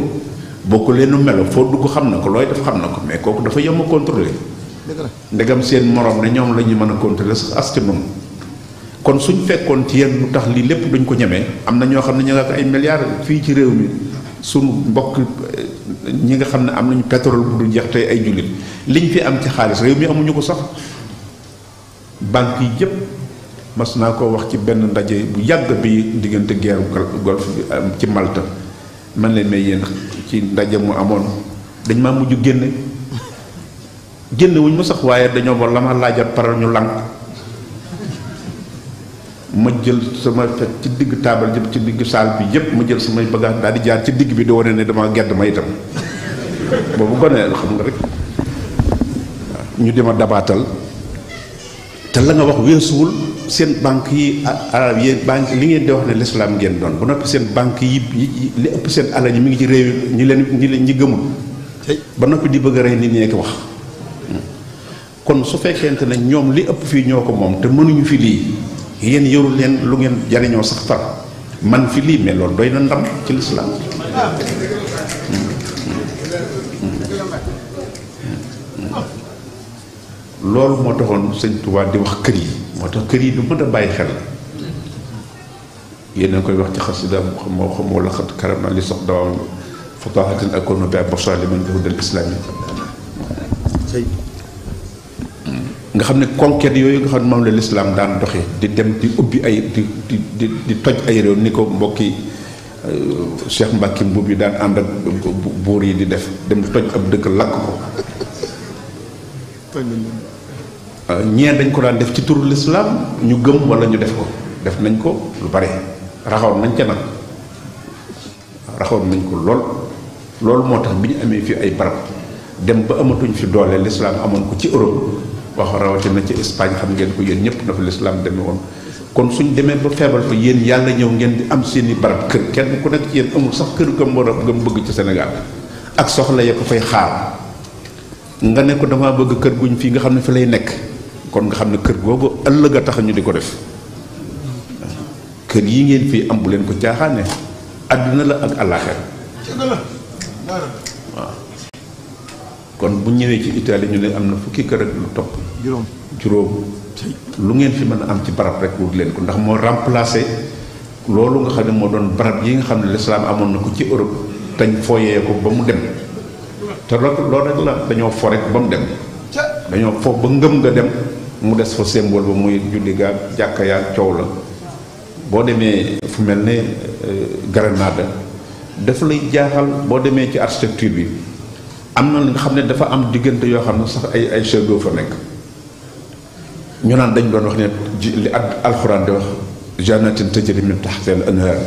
boo ko leenu melo foo dugg xam na ko looy def xam na ko mais kooku dafa yomb a contrôler ndegam seen morom ne ñoom la ñu mën a contrôler sax askan kon suñ fekkoon ci yenn lu tax lii lépp duñ ko ñemee am na ñoo xam ne ñu nga ko ay milliards fii ci réew mi suñu mbokk ñi nga xam ne am nañu pétrole bu du jeex tey ay jullit liñ fi am ci xaalis réew mi amuñu ko sax banque yi yëpp mas naa ko wax ci benn ndaje bu yàgg bi diggante guerre golfe bi ci Malta man leen may yéen ci ndaje mu amoon dañ ma mujj génne génne wuñ ma sax waaye dañoo war la ma laajat ñu lànk ma jël sama fekk ci digg taabal yëpp ci digg saal bi yëpp ma jël samay bagage daal di jaar ci digg bi di wane ne dama gedd ma itam boobu goneel xam nga rek ñu dima dabaatal te la nga wax wéesuwul seen banque yi arab yi banque li ngeen di wax ne l'islam ngeen doon ba noppi seen banque yi li ëpp seen alal yi mi ngi ci réew ñi leen ñi leen ñi gëmul ba noppi di bëgg a rey nit ñi ko wax hmm. kon su fekkente ne ñoom li ëpp fii ñoo ko moom te mënuñu fi lii yéen yëru leen lu ngeen jariñoo sax far man fi lii mais loolu doy na ndam ci lislaam loolu moo taxoon sëñ Tuubaa di wax kër yi moo tax kër yi du mën a bàyyi xel yéen a koy wax ci xasida mu xam moo xam wala xat karam na li sox dawam fataaxatin akono bi ak bosaali man bi huddal islaami nga xam ne conquête yooyu nga xam ne moom la lislaam daan doxe di dem di ubbi ay di di di toj ay réew ni ko mbokki euh, Cheikh Mbacke Mbuub yi daan ànd ak buur yi di def dem di toj ab dëkk lakk ko euh, ñeen dañ ko daan def ci turu lislaam ñu gëm wala ñu def ko def nañ ko lu bare raxoon nañ ca nag raxoon nañ ko lool loolu moo tax bi ñu amee fi ay barab dem ba amatuñ fi doole lislaam amoon ko ci Europe wax rawatina ci Espagne xam ngeen ko yéen ñëpp na fa lislaam demee woon kon suñ demee ba feebal fa yéen yàlla ñëw ngeen di am seeni barab kër kenn ku nekk ci yéen amul sax kër gam war bëgg ci Sénégal ak soxla ya fay xaar nga ne dama bëgg kër guñ fii nga xam ne fi lay nekk kon nga xam ne kër googu ëllëg a tax ñu di ko def kër yi ngeen fii am bu leen ko caaxaane àdduna la ak àllaaxeer kon bu ñëwee ci Italie ñu ne am na fukki kër ak lu topp. juróom juróom. lu ngeen fi mën a am ci barab rek wut leen ko ndax moo remplacé loolu nga xam ne moo doon barab yi nga xam ne lislaam amoon na ko ci Europe. tañ fooyee ko ba mu dem te loolu rek la dañoo fo rek ba mu dem. dañoo foo ba ngëm nga dem mu des fa symbole ba muy julli gaa jàkka yaa coow la boo demee fu mel ne euh, Granada daf lay jaaxal boo demee ci architecture bi. am na nga xam ne dafa am diggante yoo xam ne sax ay ay chef doo fa nekk ñu naan dañ doon wax ne ji li ak alxuraan di wax jannatin tajri min tahtiha al-anhaar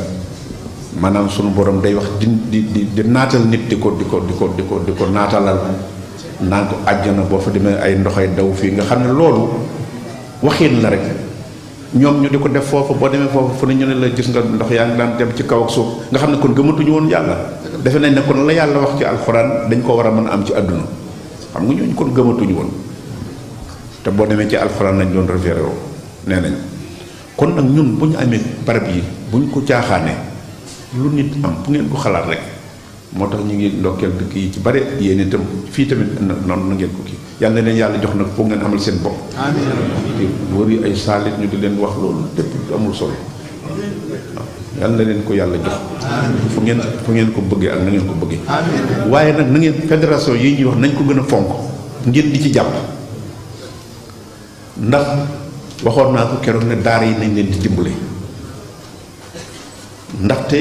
maanaam sunu borom day wax di di di di naatal nit di ko di ko di ko di ko di ko naatalal naan ko àjjana boo fa demee ay ndox ndoxay daw fii nga xam ne loolu waxiin la rek. ñoom ñu di ko def foofu boo demee foofu fu ne ñu ne la gis nga ndox yaa ngi daan dem ci kaw ak suuf nga xam ne kon gëmatuñu woon yàlla defe nañ ne kon la yàlla wax ci alxuraan dañ ko war a mën a am ci àdduna xam nga ñu kon gëmatuñu woon te boo demee ci alxuraan lañ doon référé woo nee nañ kon nag ñun bu ñu amee barab yi bu ñu ko caaxaane lu nit am bu ngeen ko xalaat rek moo tax ñu ngi ndokkeel dëkk yi ci bare yéen itam fii tamit noonu na ngeen ko kii yal na leen yàlla jox nag foog ngeen amal seen bopp. amiin wëri ay saalit ñu di leen wax loolu lépp amul solo waaw yal na leen ko yàlla jox. fu ngeen fu ngeen ko bëggee ak na ngeen ko bëggee. waaye nag na ngeen fédération yi ñuy wax nañ ko gën a fonk ngeen di ci jàpp ndax waxoon naa ko keroog ne daar yi nañ leen di dimbale ndaxte.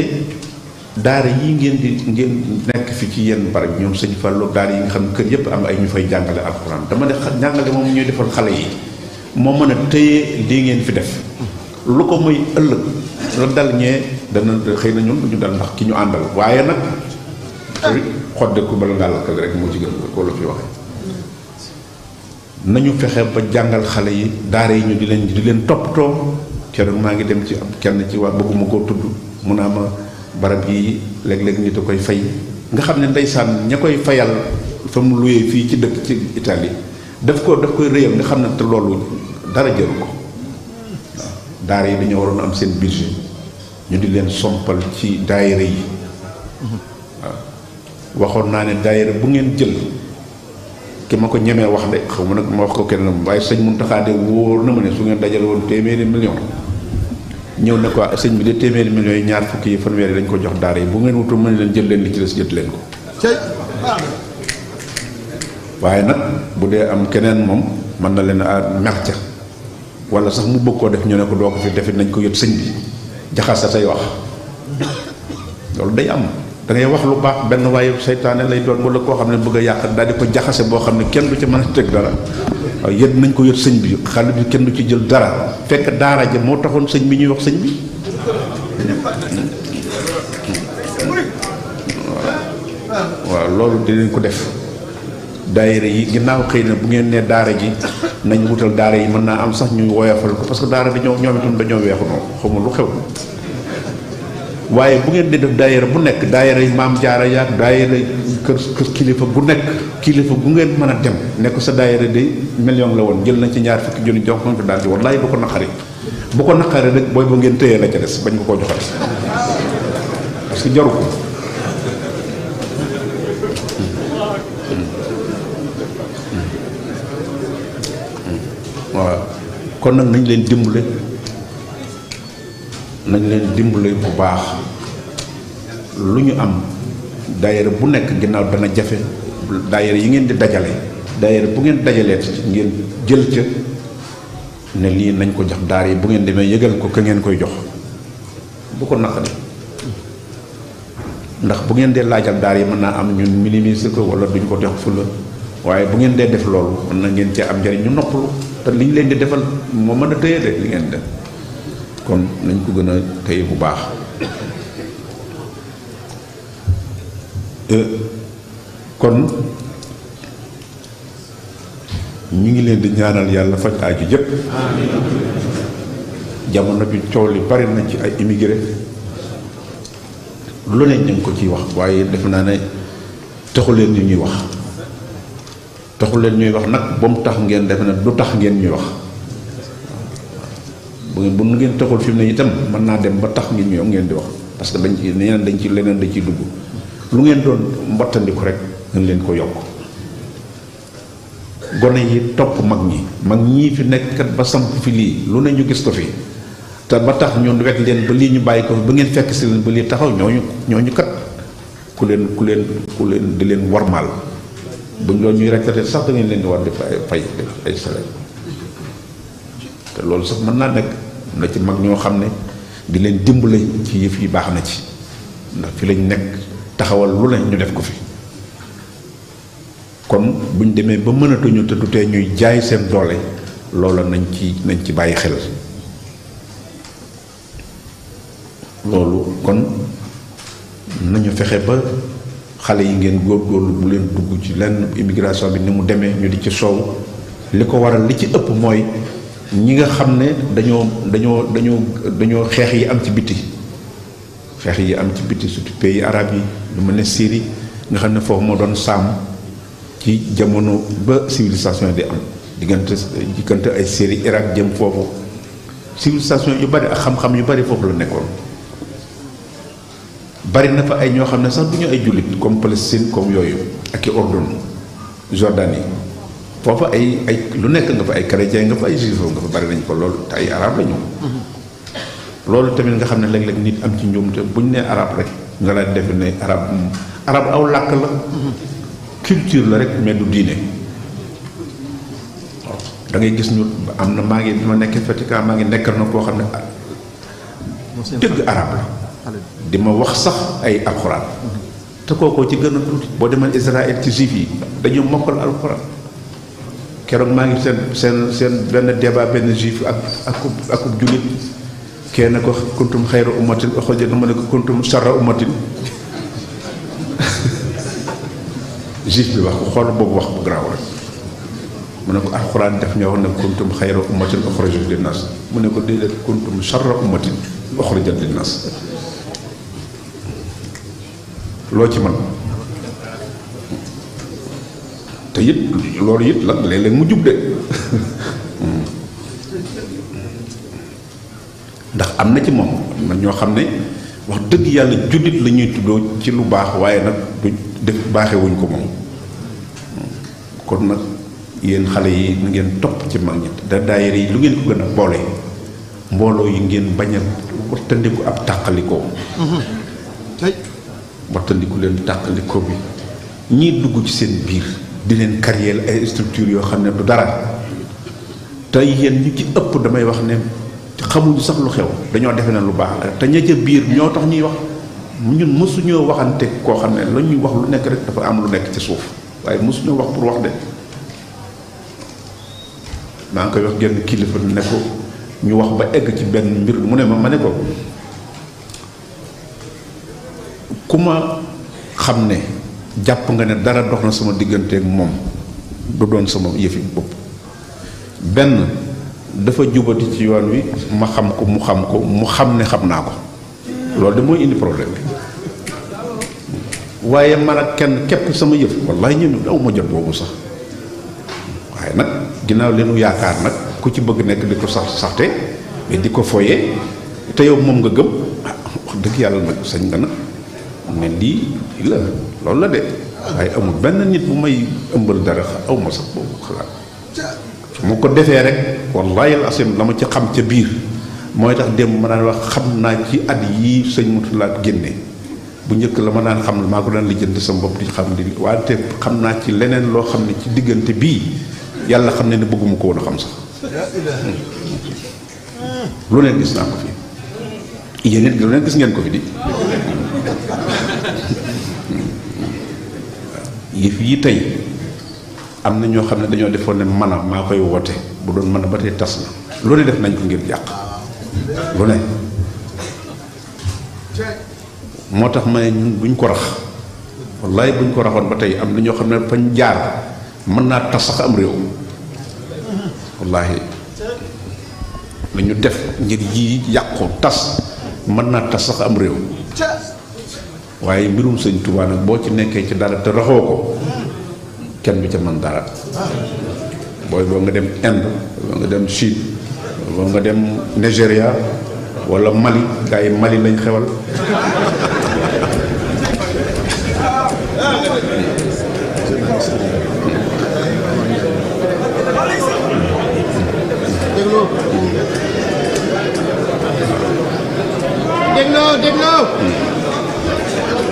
daara yi ngeen di ngeen nekk fi ci yenn barab ñoom sëñ Fallou daara yi nga xam ne kër yëpp am ay ñu fay jàngale alxuraan dama ne jàngale moom ñooy defal xale yi moo mën a téye ngeen fi def ko mooy ëllëg la dal ñee dana na ñun du ñu dal ndax ki ñu àndal waaye nag xodde ku bala ngaa lakkale rek moo ci gën ko la fi waxee nañu fexe ba jàngal xale yi daara yi ñu di leen di leen toppatoo keroog maa ngi dem ci ab kenn ci waa bëgguma koo tudd mun naa ma barab yi léeg-léeg nit a koy fay nga xam ne ndeysaan ña koy fayal fa mu luye fii ci dëkk ci Italie daf ko daf koy réyal nga xam ne te loolu dara jëru ko waaw yi dañoo waroon am seen budget ñu di leen sompal ci daayira yi waxoon naa ne daayira bu ngeen jël ki ma ko ñemee wax de xaw ma nag ma wax ko kenn waaye sëñ mun de wóor na ma ne su ngeen dajal woon téeméeri million ñëw ne ko ah, sëñ bi de téeméer millions yi ñaar fukki yi fanweer yi dañ ko jox daara yi bu ngeen wutu mën leen jël leen li ci des jët leen ko waaye nag bu dee am keneen moom mën na leen a mer ca wala sax mu bëgg koo def ñu ne ko doo ko fi defit nañ ko yët sëñ bi jaxasa say wax loolu day am da ngay wax lu baax benn waaye seytaane lay doon wala koo xam ne bëgg a yàq daal di ko jaxase boo xam ne kenn du ca mën a teg dara waaw yët nañ ko yët sëñ bi xale bi kenn du ci jël dara fekk daara ja moo taxoon sëñ bi ñuy wax sëñ bi waaw loolu dinañ ko def daayira yi ginnaaw xëy na bu ngeen nee daara ji nañ wutal daara yi mën naa am sax ñu woyofal ko parce que daara bi ñoo ñoom itam dañoo weexu noonu xamul lu xew waaye bu ngeen di def daayira bu nekk daayira maam jaara yaag daayira kër kër kilifa bu nekk kilifa gu ngeen mën a dem ne sa daayira de million la woon jël nañ ci ñaar fukki junni jox ko ko daal di wallaay bu ko naqari bu ko naqari rek booy bu ngeen téyee la ca des bañ ko koo joxati parce que jaru ko waaw kon nag nañ leen dimbale nañ leen dimbale bu baax lu ñu am daayira bu nekk ginnaaw dana jafe daayira yi ngeen di dajale daayira bu ngeen dajalee ngeen jël ca ne lii nañ ko jox daar yi bu ngeen demee yëgal ko ka ngeen koy jox bu ko naqari ndax bu ngeen dee laajal daar yi mën naa am ñu minimiser ko wala ko jox fula waaye bu ngeen dee def loolu mën na ngeen cee am njëriñ ñu noppalu te liñ leen di defal moo mën a tëye de li ngeen def kon nañ ko gën a téye bu baax euh, kon ñu ngi leen di ñaanal yàlla faj aaju jëpp jamono bi coow li bari na ci ay immigré lu ne ñu ngi ko ciy wax waaye def naa ne taxu leen ni ñuy wax taxu leen ñuy wax nag ba mu tax ngeen def na du tax ngeen ñuy wax bu ngeen bu ngeen taxul fi mu ne itam mën naa dem ba tax ngeen ñoom ngeen di wax parce que dañ ci leneen dañ ci leneen dañ ciy dugg lu ngeen doon mbattandiku rek ngeen leen ko yokk gone yi topp mag ñi mag ñii fi nekk kat ba samp fi lii lu ne ñu gis ko fii te ba tax ñun wet leen ba lii ñu bàyyi ko fi ba ngeen fekk si leen ba lii taxaw ñooñu ñooñu kat ku leen ku leen ku leen di leen warmaal buñ doon ñuy retraité sax da leen di war di fay ay salaire te loolu sax mën naa nekk am ci mag ñoo xam ne di leen dimbale ci yëf yi baax na ci ndax fi lañ nekk taxawal lu ne ñu def ko fi kon buñ demee ba mënatuñu te du ñuy jaay seen doole loola nañ ci nañ ci bàyyi xel loolu kon nañu fexe ba xale yi ngeen góorgóorlu bu leen dugg ci lenn immigration bi ni mu demee ñu di ci soow li ko waral li ci ëpp mooy ñi nga xam ne dañoo dañoo dañoo dañoo xeex yi am ci biti xeex yi am ci biti surtout pays arabes yi lu mel ne Syrie nga xam ne foofu moo doon sàmm ci jamono ba civilisation di am diggante diggante ay Syrie Irak jëm foofu civilisation yu bari ak xam-xam yu bari foofu la nekkoon bari na fa ay ñoo xam ne sax du ay jullit comme Palestine comme yooyu ak i Ordon Jordanie foofa ay ay lu nekk nga fa ay chrétien nga fa ay juif nga fa bari nañ ko loolu te ay arab la ñu mm-hmm. loolu tamit nga xam ne léeg-léeg nit am ci njuum bu ñu nee arab rek nga la def ne arab aw làkk la mm-hmm. culture la rek mais du diine da gis ñu am na maa ngi bi ma nekk Vatican maa ngi nekkal na koo xam ne dëgg arab la di ma wax sax ay alxuraan mm-hmm. te kookoo ci gën a tuuti boo demal Israël ci juif yi dañu mokkal alxuraan keroog maa ngi seen seen seen benn débat benn juif ak ak ak jullit kenn ko kuntum xayra ummatin uxrijat ma ne ko kuntum sarra ummatin bi wax ko boobu wax bu mu ne ko alxuraan def ñoo wax ne kuntum xayra ummatin uxrijat linnaas mu ne ko déedéet kuntum sarra ummatin loo ci man te it loolu it lan léeg mu jub de ndax am na ci moom am na ñoo xam ne wax dëgg yàlla jullit lañuy ñuy tuddoo ci lu baax waaye nag du def baaxewuñ ko moom kon nag yéen xale yi na ngeen topp ci mag ñi da daayira yi lu ngeen ko gën a boole mbooloo yi ngeen bañ a wattandiku ab tàqalikoo mm-hmm. wattandiku leen tàqalikoo bi ñii dugg ci seen biir di leen carrière ay structure yoo xam ne du dara tey yéen ñi ci ëpp damay wax ne xamuñu sax lu xew dañoo defe na lu baax te ña ca biir ñoo tax ñuy wax mu ñun mësuñoo waxante koo xam ne la ñuy wax lu nekk rek dafa am lu nekk ci suuf waaye mësuñoo wax pour wax de maa ngi koy wax genn kilifa ne ko ñu wax ba egg ci benn mbir mu ne ma ma ne ko ku ma xam ne jàpp nga ne dara dox na sama digganteeg moom du doon sama yëfi bopp benn dafa jubati ci yoon wi ma xam ko mu xam ko mu xam ne xam naa ko loolu de mooy indi problème bi waaye man ak kenn képp sama yëf wallaay ñun aw ma jot boobu sax waaye nag ginnaaw leenu yaakaar nag ku ci bëgg nekk di ko sax saxte mais di ko foyee te yow moom nga gëm ah, wax dëgg yàlla nag sañ nga nag mais lii la loolu la de waaye amul benn nit bu may ëmbal dara aw ma sax boobu xalaat su ko defee rek wallahi al asim la ma ci xam ca biir mooy tax démb ma daan wax xam naa ci at yii sëñ mutulaat génne bu njëkk la ma daan xam maa ko daan lijjanti sama bopp di xam di wante xam naa ci leneen loo xam ne ci diggante bii yàlla xam ne ne bëgguma ko woon xam sax lu leen gis naa ko fi lu leen gis ngeen ko fi di yëf yi tey am na ñoo xam ne dañoo defoon ne man a maa koy woote bu doon man a ba tey tas na lu ne def nañ ko ngir yàq lu ne moo tax ma ne ñun buñ ko rax wallaay buñ ko raxoon ba tey am na ñoo xam ne fañ jaar mën naa tas sax am réew wallaahi la ñu def ngir yi yàqu tas mën naa tas sax am réew waaye mbirum sëñ Tuubaa boo ci nekkee ci dara te raxoo ko kenn bi ca mën dara booy boo nga dem Inde boo nga dem Chine boo nga dem Nigéria wala Mali gars Mali lañ xewal dégg nga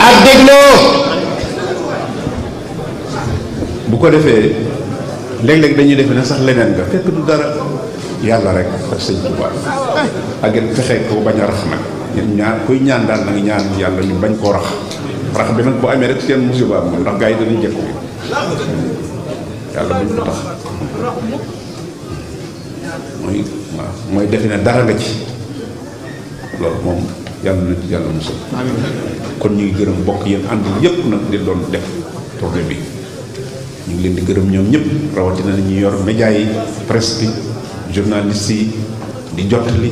ak dégloo bu ko defee léeg-léeg dañuy defe ne sax leneen nga fekk du dara yàlla rek ak sëñ Tuubaa ak ngeen fexe ko bañ a rax nag ñun ñaan kuy ñaan daal nag ñaan yàlla ñu bañ koo rax rax bi nag bu amee rek seen musiba moom ndax gars yi dañuy jëkk yàlla buñ ko tax mooy waaw mooy defe ne dara nga ci loolu moom yàlla na ci yàlla kon ñu ngi gërëm bokk yéen ànd yépp nag di doon def tournée bi ñu ngi leen di gërëm ñoom ñëpp rawatina na ñu yor média yi presse bi journaliste yi di jottali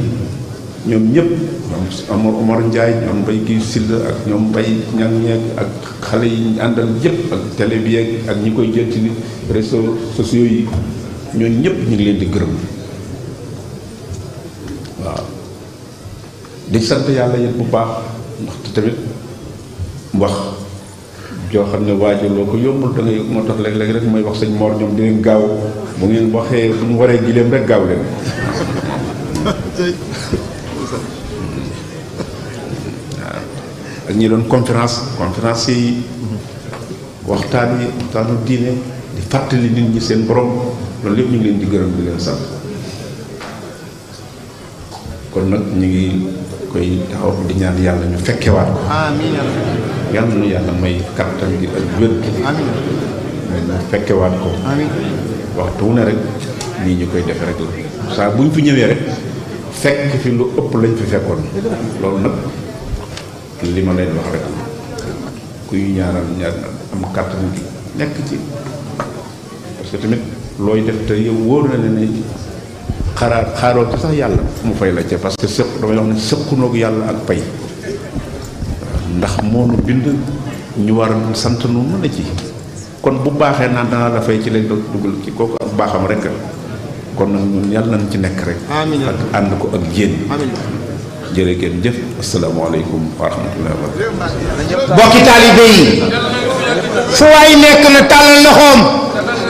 ñoom ñëpp ñoom Omar Omar Ndiaye ñoom Mbaye Guèye Sylla ak ñoom Mbaye ñang ñeeg ak xale yi ñu àndal yëpp ak télé bi yeeg ak ñi koy jël ci réseaux sociaux yi ñooñu ñëpp ñu ngi leen di gërëm di sant yàlla yit bu baax ndaxte tamit wax joo xam ne waajur loo ko yombul da moo tax léeg-léeg rek mooy wax sëñ Mor ñoom di leen gaaw bu ngeen waxee bu ñu waree gileem rek gaaw leen ak ñi doon conférence conférence yi waxtaan yi waxtaanu diine di fàttali nit ñi seen borom loolu lépp ñu leen di gërëm di leen sant kon nag ñu ngi koy taxaw di ñaan yàlla ñu fekkewaat ko amiin yàlla na ñu yàlla may kattan gi ak wér gi ñu fekkewaat ko wax wu ne rek nii ñu koy defe rek la saa buñ fi ñëwee rek fekk fi lu ëpp lañ fi fekkoon loolu nag li ma leen wax rek kuy ñaanal ñaan am kàttan gi nekk ci parce que tamit looy def te yow wóor na ne ne xaraar xaaroo ci sax yàlla mu fay la ca parce que sëq damay wax ne sëqunoog yàlla ak pay ndax moonu bind ñu war a sant nu mën a ci kon bu baaxee naan danaa la fay ci lañ doon ci kooku ak baaxam rek kon nag ñun yàlla nañ ci nekk rek ak ànd ko ak jéen jërë ngeen jëf asalaamaaleykum wa rahmatullahi wa barakatuh bokki taalibe yi fu waay nekk na tàllal loxoom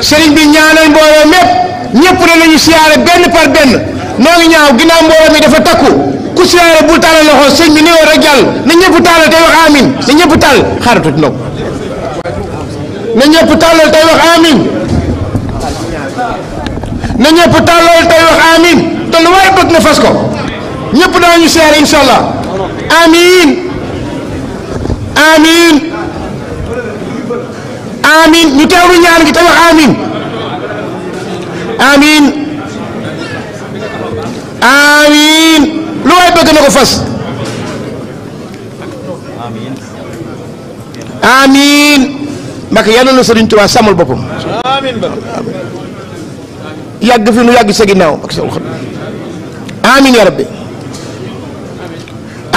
sëriñ bi ñaanal mbooloo mépp ñëpp ne nañu siyaare benn par benn noo ñaaw ginnaaw mbooloo mi dafa takku ku siyaare bul tàllal loxo sëñ bi nuyoo rek jàll na ñëpp tàllal tey wax amin na ñëpp tàll xaaratut tey wax amin na waaye bëgg na fas ko ñëpp daañu siyaare incha amin amin amin ñu teewlu ñaan gi tey wax amin amiin amiin lu waay bëgg na ko fas amiin mbak yàlla na sëriñ Tuubaa sàmmal boppam yàgg fi nu yàgg sa ginnaaw ak sa waxat amiin yaa rabbi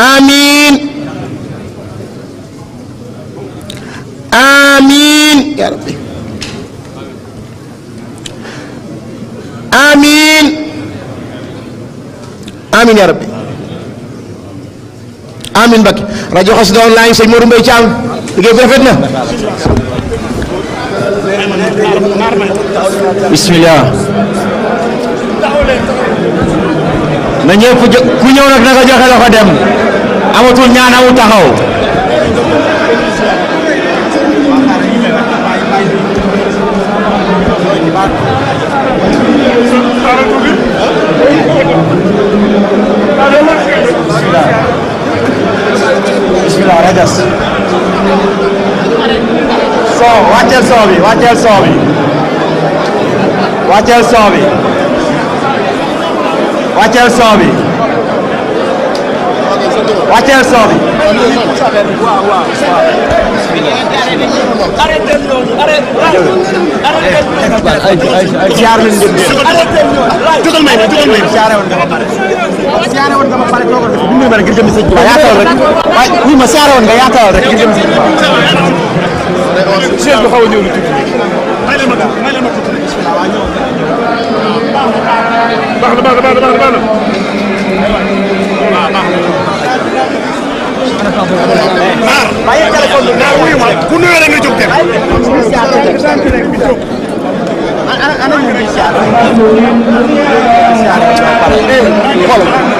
amiin amiin yaa rabbi amiin amiin yaa rabbi amiin Mbacke rajo Xassida online sëñ Modou Mbaye Thiam liggéey bi rafet na bismillah na ñëpp ku ñëw nag na nga joxe loxo dem amatul ñaan amul taxaw la rajas soo wàcceel soo bi wàcceel soo bi wàcceel soo bi wàcceel soo bi wàcceel soof ziar nañ jëm tugal may ma tugal may ma ziare woon nga ba pare ziare woon nga ba pare toogal def bindul ma rek ngir jëm sëñ Tuubaa yaatal rek waaye oui ma ziare woon nga yaatal rek ngir jëm sëñ Tuubaa siège bi xaw a ñëw lu tuuti may leen ma tuuti may leen ma tuuti baax na baax na baax na baax na ku nuyoo rek nga jóg dem. xoolal.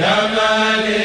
يا مالك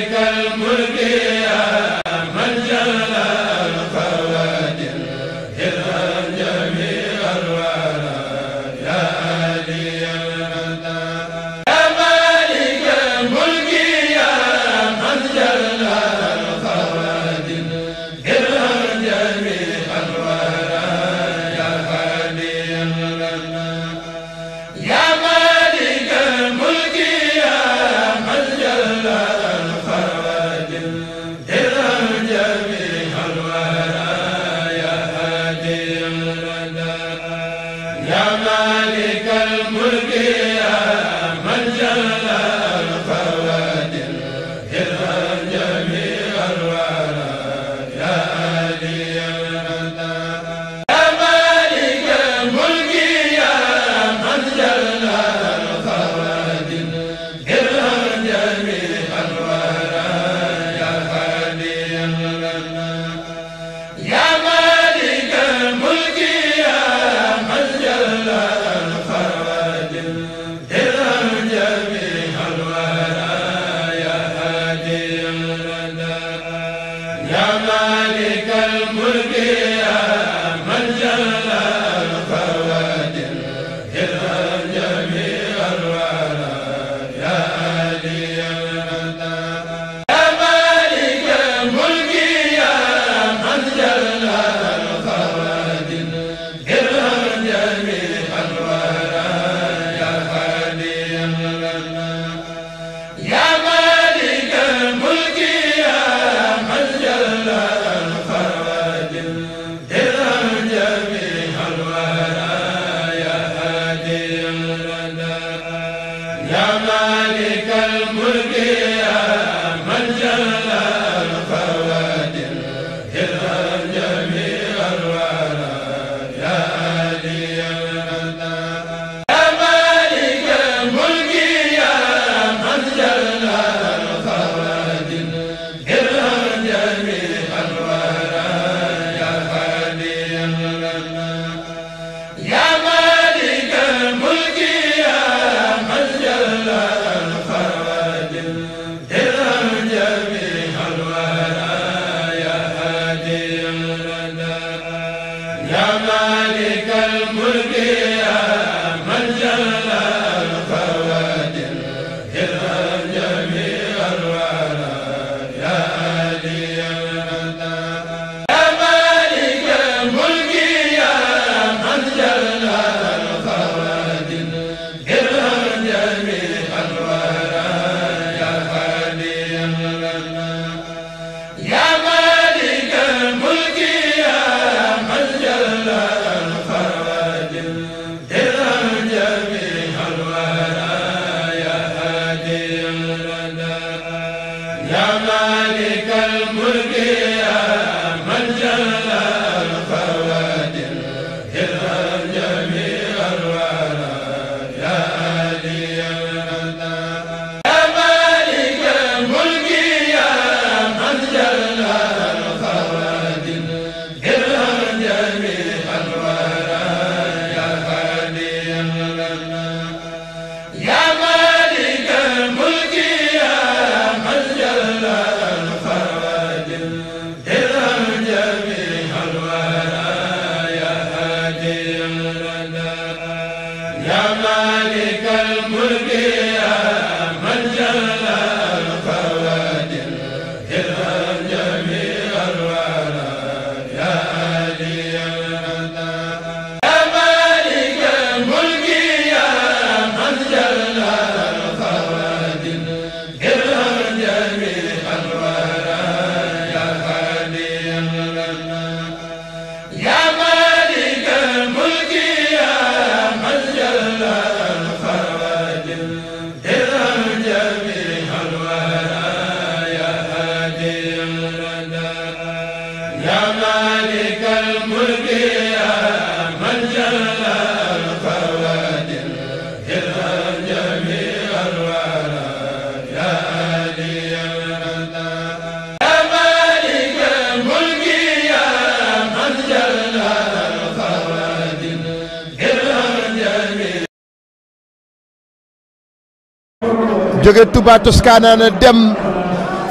jóge Touba Toscana na dem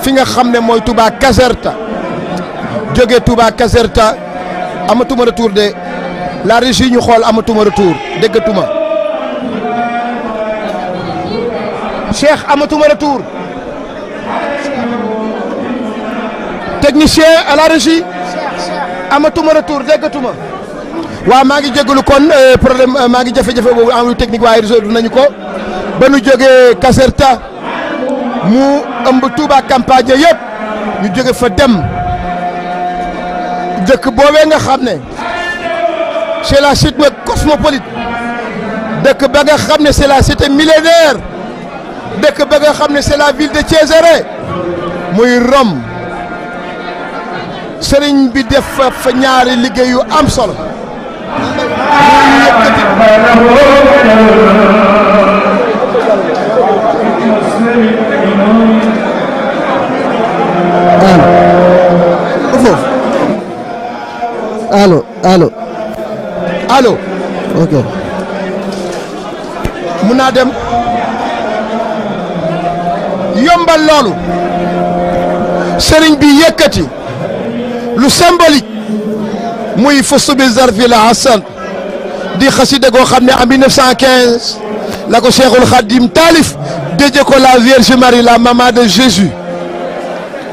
fi nga xam ne mooy Touba Caserta jóge tubaa Caserta amatuma retour de la régie ñu xool amatuma retour déggatuma Cheikh amatuma retour technicien à la régie amatuma retour déggatuma waa maa ngi jégalu kon euh, problème euh, maa ngi jafe-jafe boobu en technique waaye résoudre nañu ko ba nu jógee Caserta mu ëmb Touba campagne yëpp ñu jóge fa dem dëkk boobee nga xam ne c'est la cité cosmopolite dëkk ba nga xam ne c'est la dëkk ba nga xam ne c'est la ville de Césarée muy Rome sëriñ bi def fa ñaari liggéey yu am solo. Ah. allo allo allo ok mun naa dem loolu sëriñ bi yëkkati lu symbolique muy fustu bi zarfi la hasan di xasida goo xam ne en 1915 la ko Cheikhul Khadim taalif déje ko la Vierge Marie la maman de Jésus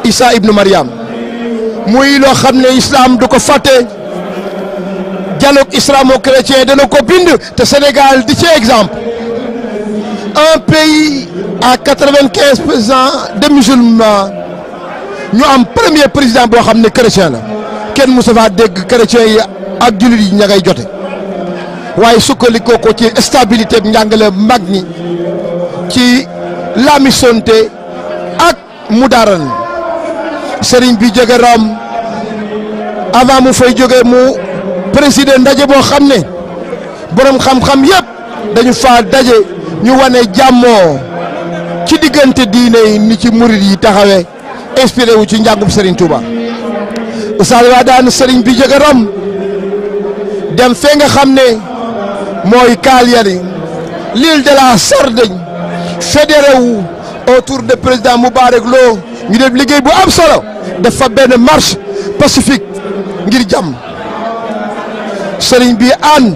Isa ibnu Mariam muy loo xam ne islam du ko fàtte dialogue islamo-chrétien dana ko bind te Sénégal di ci exemple un pays à quatre-vingt-quinze pour cent de musulmans ñu am premier président boo xam ne chrétien la kenn musa dégg chrétien yi ak jullit yi ña ngay jote waaye sukkandikoo ko ci stabilité bi njàngale mag ñi ci lamisonte ak mu daaral sëriñ bi jóge Rome avant mu fay jóge mu président ndaje boo xam ne borom xam-xam yëpp dañu faa daje ñu wane jàmmoo ci diggante diine yi ni ci murit yi taxawee inspiré wu ci njàngum Serigne Touba Oustaz Wadane Serigne bi jóge Rome dem fee nga xam ne. mooy Kalyani l'île de la Sardaigne fédéré wu autour de président Moubarek Lo ñu def liggéey bu am solo dafa benn marche pacifique ngir jàmm sëriñ bi ànd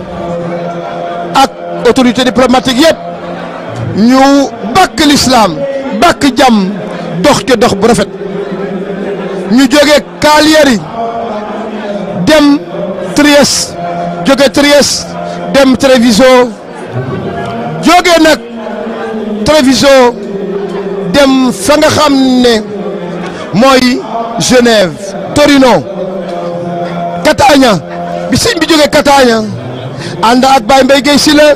ak autorité diplomatique yëpp ñu bàkk lislaam bàkk jàmm dox ca dox bu rafet ñu jóge Kalyani dem Trieste jóge tries dem télévision jógee nag télévision dem fa xam ne mooy Genève Torino Catania bi sëñ bi jógee Catania ànd ak Baye Mbaye Guèye Sylla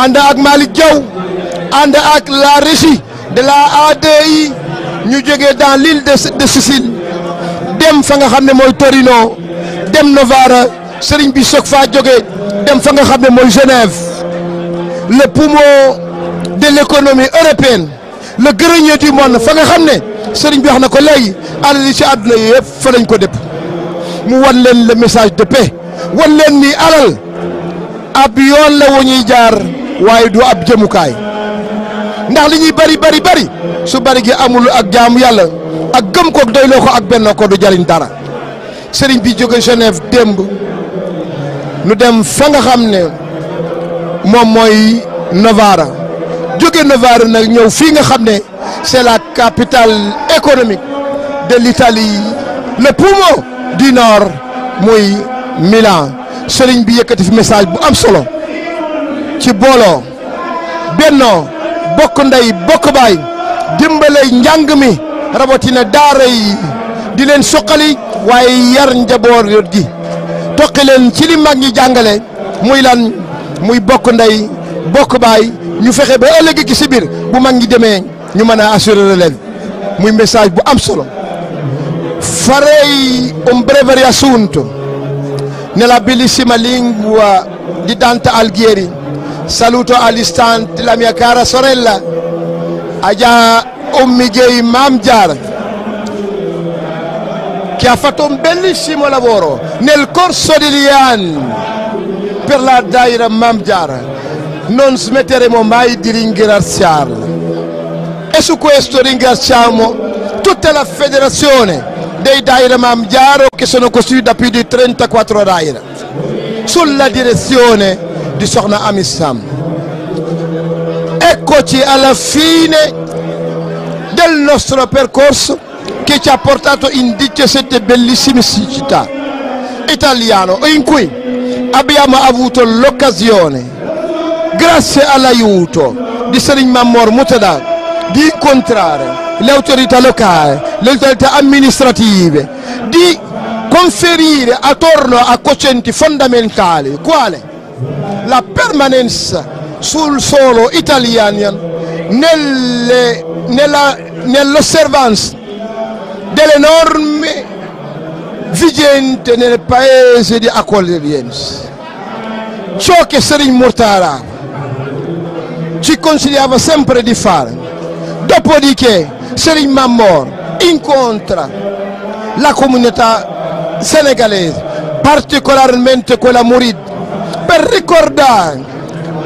ànd ak Malick Diaw ànd ak la régie de la ADI ñu jóge dans l'île de de dem fa nga xam ne mooy Torino dem Novara sëriñ bi soog faa jógee dem fa nga xam ne mooy Genève le poumon de l' économie européenne le grenier du fa nga xam ne sëriñ bi wax na ko léegi alal yi ci àdduna yi yëpp fa lañ ko dëpp mu wan leen le message de paix wan leen ni alal ab yoon la wu ñuy jaar waaye du ab jëmukaay ndax li ñuy bari bari bari su bari gi amul ak jaamu yàlla ak gëm ko doyloo ko ak benn ko du jariñ dara. sëriñ bi jóge Genève démb nu dem fa nga xam ne moom mooy Novara jóge Novara na ñëw fii nga xam ne c'est la capitale économique de l'Italie le poumon du muy Milan sëriñ bi yëkkati fi message bu am solo ci booloo bennoo bokk ndey bokk njàng mi rawatina daara yi di leen soqali waaye yar njaboot gi toqi leen ci li mag ñi jàngale muy lan muy bokk ndey bokk baay ñu fexe ba ëllëg gi si biir bu mag ñi demee ñu mën a assurer relève muy message bu am solo farei ombrevere um assunto nella bellissima lingua di Dante Alighieri saluto all'istante la mia cara sorella Aja Ummi Gey Mamjar chiaffato un bellissimo lavoro nel corso degli anni per la Daira Mamdiara. Non smetteremo mai di ringraziarla. E su questo ringraziamo tutta la federazione dei Daira Mamdiaro che sono costituiti da più di Daira sulla direzione di Sokhna Amy Eccoci alla fine del nostro percorso che ci ha portato in 17 bellissime città italiane in cui abbiamo avuto l'occasione grazie all'aiuto di Serigne Mamor Moutada di incontrare le autorità locali, le autorità amministrative, di conferire attorno a quotienti fondamentali quale la permanenza sul suolo italiano nell'osservanza dell'enorme vigente nel paese di accoglienza. Ciò che Serigno Mortara ci consigliava sempre di fare. Dopodiché Serigno Mammor incontra la comunità senegalese, particolarmente quella Murid, per ricordare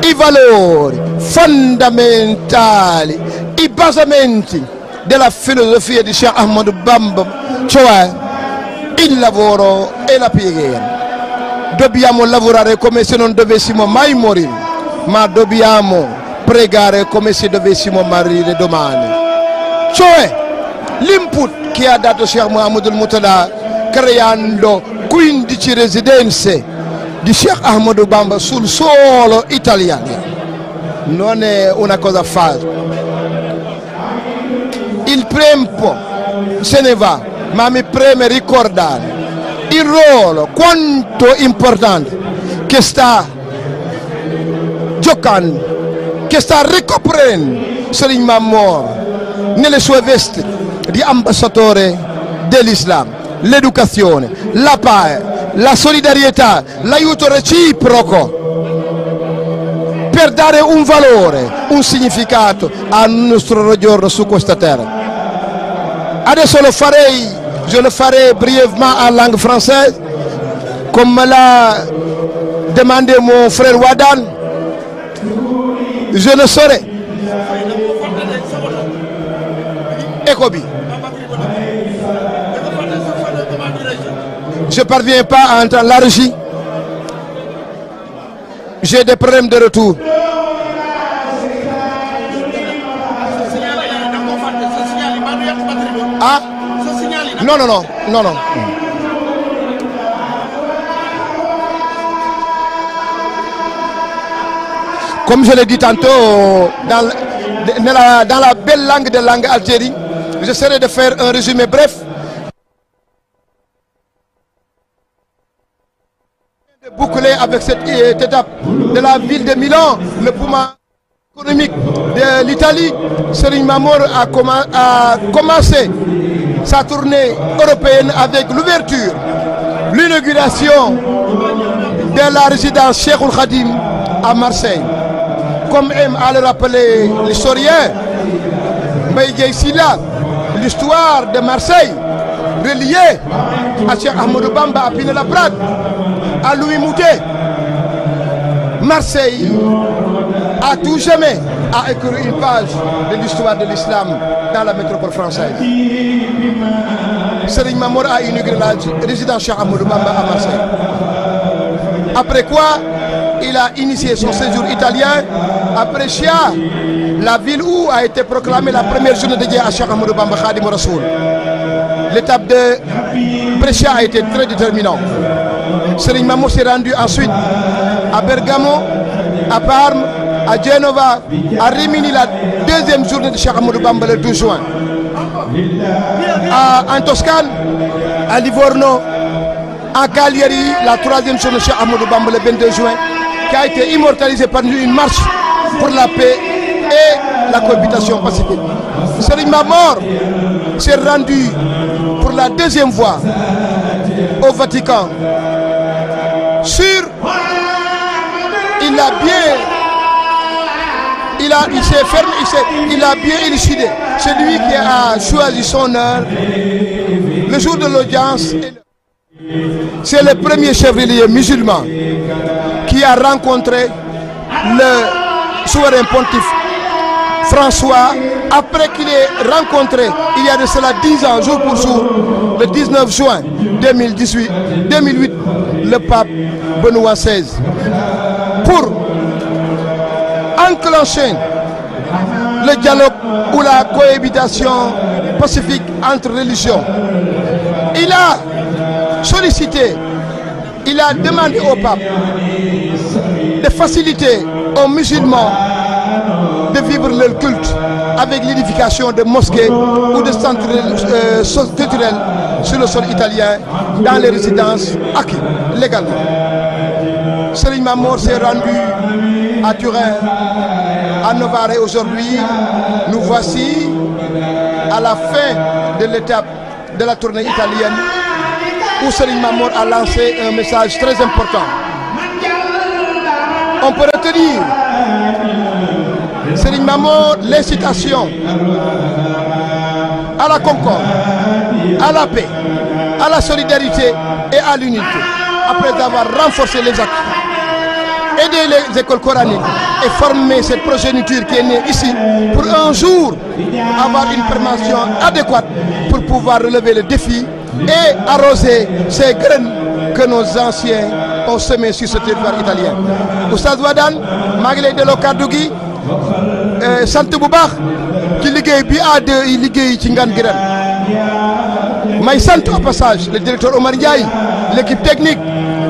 i valori fondamentali, i basamenti de la philosophie di Cheikh Ahmadou Bamba cewa in lavoro e la pieghen dobbiamo lavorare come se non dovessimo mai morire ma dobbiamo pregare come se dovessimo morire domani cioè l'input che ha dato Cheikh Muhammadul Murtada creando 15 residenze di Cheikh Ahmadou Bamba sul suolo italiano non una cosa facile tempo se ne va, ma mi preme ricordare il ruolo quanto importante che sta giocando, che sta ricoprendo Serigne Mame nelle sue vesti di ambasciatore dell'Islam, l'educazione, la pace, la solidarietà, l'aiuto reciproco per dare un valore, un significato al nostro soggiorno su questa terra. Adesso le farei, je le ferai brièvement en langue française, comme me l'a demandé mon frère Wadan. Je le saurai. écho bi. Je parviens pas à entendre la régie. J'ai des problèmes de retour. ah non non non non comme je l'ai dit tantôt dans la dans la belle langue des langues Algérie j'essaierai de faire un résumé bref. de boucler avec euh, cette étape de la ville de Milan le Puma. économique de l'Italie, Serigne Mamour a, commen a sa tournée européenne avec l'ouverture, l'inauguration de la résidence Cheikhoul Khadim à Marseille. Comme aime à rappeler l'historien Mbaye Silla, l'histoire de Marseille reliée à Cheikh Ahmadou Bamba à Pinet-Laprade, à Louis Moutet. Marseille à tout jamais à écrire une page de l'histoire de l'islam dans la métropole française Serigne Mamour a inauguré la résidence Cheikh Amadou Bamba à Marseille après quoi il a initié son séjour italien à Brescia la ville où a été proclamée la première journée dédiée à Cheikh Amadou Bamba Khadim Rasoul l'étape de Brescia a été très déterminante Serigne Mamour s'est rendu ensuite à Bergamo à Parme à Genova, à Rimini, la deuxième journée de Cheikh Amadou Bamba le 12 juin. À, en Toscane, à Livorno, à Cagliari, la troisième journée de Cheikh Amadou Bamba le juin, qui a été par une marche pour la paix et la cohabitation pacifique. Serigne mort s'est rendu pour la deuxième fois au Vatican sur il a bien il, a, il s'est fermé, il, il a bien élucidé. C'est qui a choisi son heure. Le jour de l'audience, c'est le premier chevalier musulman qui a rencontré le souverain pontife François après qu'il ait rencontré il y a de cela 10 ans, jour pour jour, le 19 juin 2018, le pape Benoît Pour enclencher le dialogue ou la cohabitation pacifique entre religions. Il a sollicité, il a demandé au pape de facilité aux musulmans de vivre leur culte avec l'édification de mosquées ou de centres euh, sur le sol italien dans les résidences acquises légalement. Serigne Mamor s'est rendu à Turin, à Novare aujourd'hui, nous voici à la fin de l'étape de la tournée italienne où Serigne a lancé un message très important. On peut retenir Serigne Mamour l'incitation à la concorde, à la paix, à la solidarité et à l'unité après avoir renforcé les acquis. aider les écoles coraniques et former cette progéniture qui est née ici pour un jour avoir une formation adéquate pour pouvoir relever le défi et arroser ces graines que nos anciens ont semées sur ce territoire italien. Oustaz Wadane maa ngi lay delloo kàddu gi euh, sant bu baax ci liggéey bi a deux ci ngan gi ren may sant au passage le directeur Omar Ndiaye l'équipe technique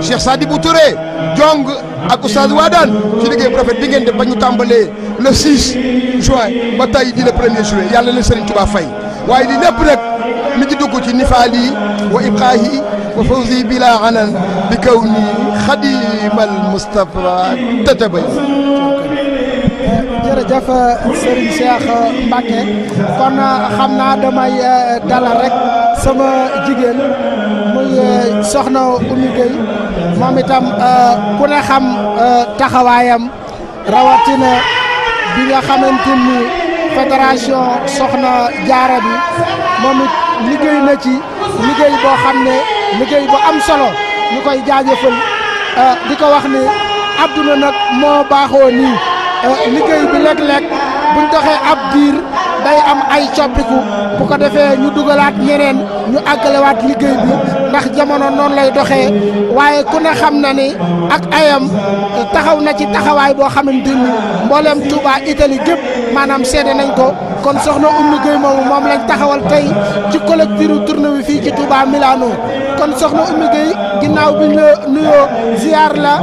Cheikh Sadibou Touré Jong ak oustaz Wadane ci liggéey bu rafet bi ngeen def ba ñu tàmbalee le 6 juin ba tey di le premier juillet yàlla na Serigne Touba fay waaye li lépp nag mi ngi dugg ci nifaali wa ibqaahi wa fawzi bila anan bi kawni xadimal Moustapha tatabay jërëjëf Serigne Cheikh Mbacke kon xam naa damay eh, dalal rek sama jigéen. Euh, soxna Oumy Gueye moom itam euh, ku xam euh, taxawaayam rawatina bi nga xamante soxna jaara bi moom it liggéey na ci liggéey boo xam ne liggéey bu am solo ñu koy jaajëfal di ko wax ni àdduna nag moo baaxoo nii liggéey bi léeg-léeg buñ doxee ab diir day am ay coppiku bu ko defee ñu dugalaat ñeneen ñu àggalewaat liggéey bi ndax jamono noonu lay doxee waaye ku ne xam na ni ak ayam taxaw na ci taxawaay boo xamante ni mbooleem Touba Italie gépp maanaam seede nañ ko kon soxna Oumy Gueye moomu moom lañ taxawal tey ci collectif tournée bi fii ci Touba Milano kon soxna Oumy Gueye ginnaaw bi ñu la nuyoo ziar la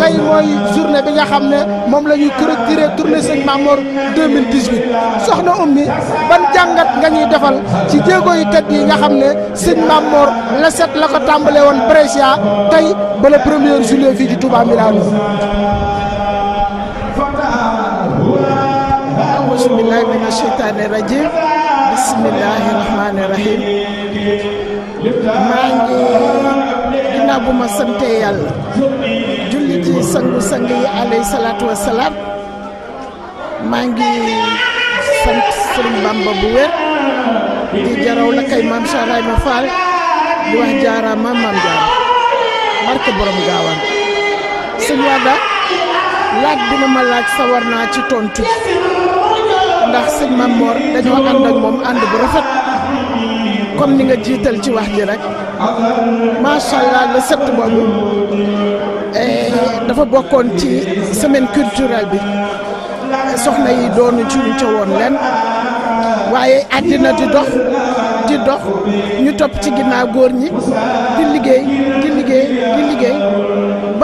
tey mooy journée bi nga xam ne moom la ñuy clôturer tournée Sëñ Mamour 2018 soxna Oumy ban jàngat nga ñuy defal ci jéego yi tedd yi nga xam ne Sëñ Mamour la set la ko tàmbalee woon Brescia tey ba le premier juillet fii ci Touba Milano. auzubillahi mina sheytaani rajim bismillahi rahmaani rahim maa ngi ginnaaw bu ma sante yàlla julli ji sangu-sang yi alayhi salaatu wa maa ngi sant Sëriñ Bamba bu wér di jaraw la kay maam Charaay ma di wax jaaraama maam jaara barke borom gaawaan sëñ Wada laaj bi ma laaj sawar naa ci tontu ndax sëñ Mam Mor dañoo ànd ak moom ànd bu rafet comme ni nga jiital ci wax ji rek macha allah le sept boobu eh, dafa bokkoon ci semaine culturelle bi soxna yi doonu ci ñu ca woon leen waaye àddina di dox di dox ñu topp ci ginnaaw góor ñi di liggéey di liggéey di liggéey.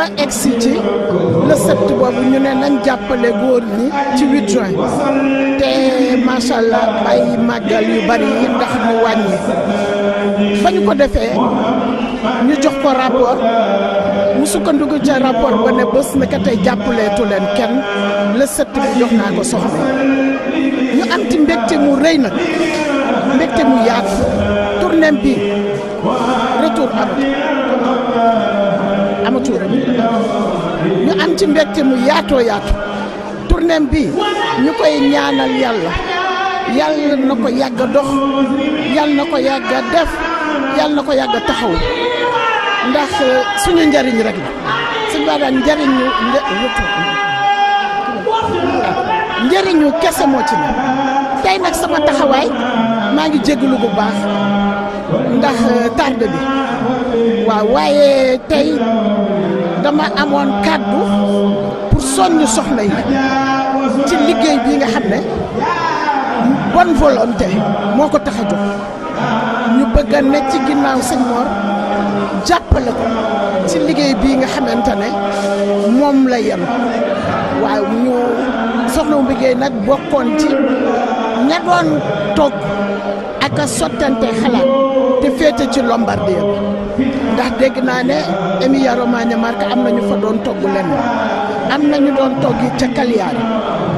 ba egsi ci le sept boobu ñu ne nañ jàppale góor ñi ci huit juin te macha allah ay màggal yu bari yi ndax ñu wàññi ba ñu ko defee ñu jox ko rapport mu sukkandiku ca rapport ba ne bés na tey jàppaleetu leen kenn le sept bi jox naa ko soxna ñu am ci mbégte mu rëy nag mbégte mu yaatu tournée bi retour ab Ibrahima Touré ñu am ci mbégte mu yaatoo yaatu tourneem bi ñu koy ñaanal yàlla yàlla na ko yàgg a dox yàlla na ko yàgg a def yàlla na ko yàgg a taxaw ndax euh, suñu njariñ rek la suñu baa njariñu njariñu kese moo ci ne tey nag sama taxawaay maa ngi jégalu bu baax ndax euh, tarde bi waaw waaye tey dama amoon kàddu pour soññ soxna yi ci liggéey bi nga xam ne bonne volonté moo ko tax a jóg ñu bëgg ne ci ginnaaw sëñ Mor jàppale ko ci liggéey bii nga xamante ne moom la yem waaw ñu soxna wu liggéey nag bokkoon ci ña doon toog ak a sottante xalaat te féete ci Lombardie bi ndax dégg naa ne Emilia Romagna Marche am na ñu fa doon togg lenn am na ñu doon togg ca Cagliari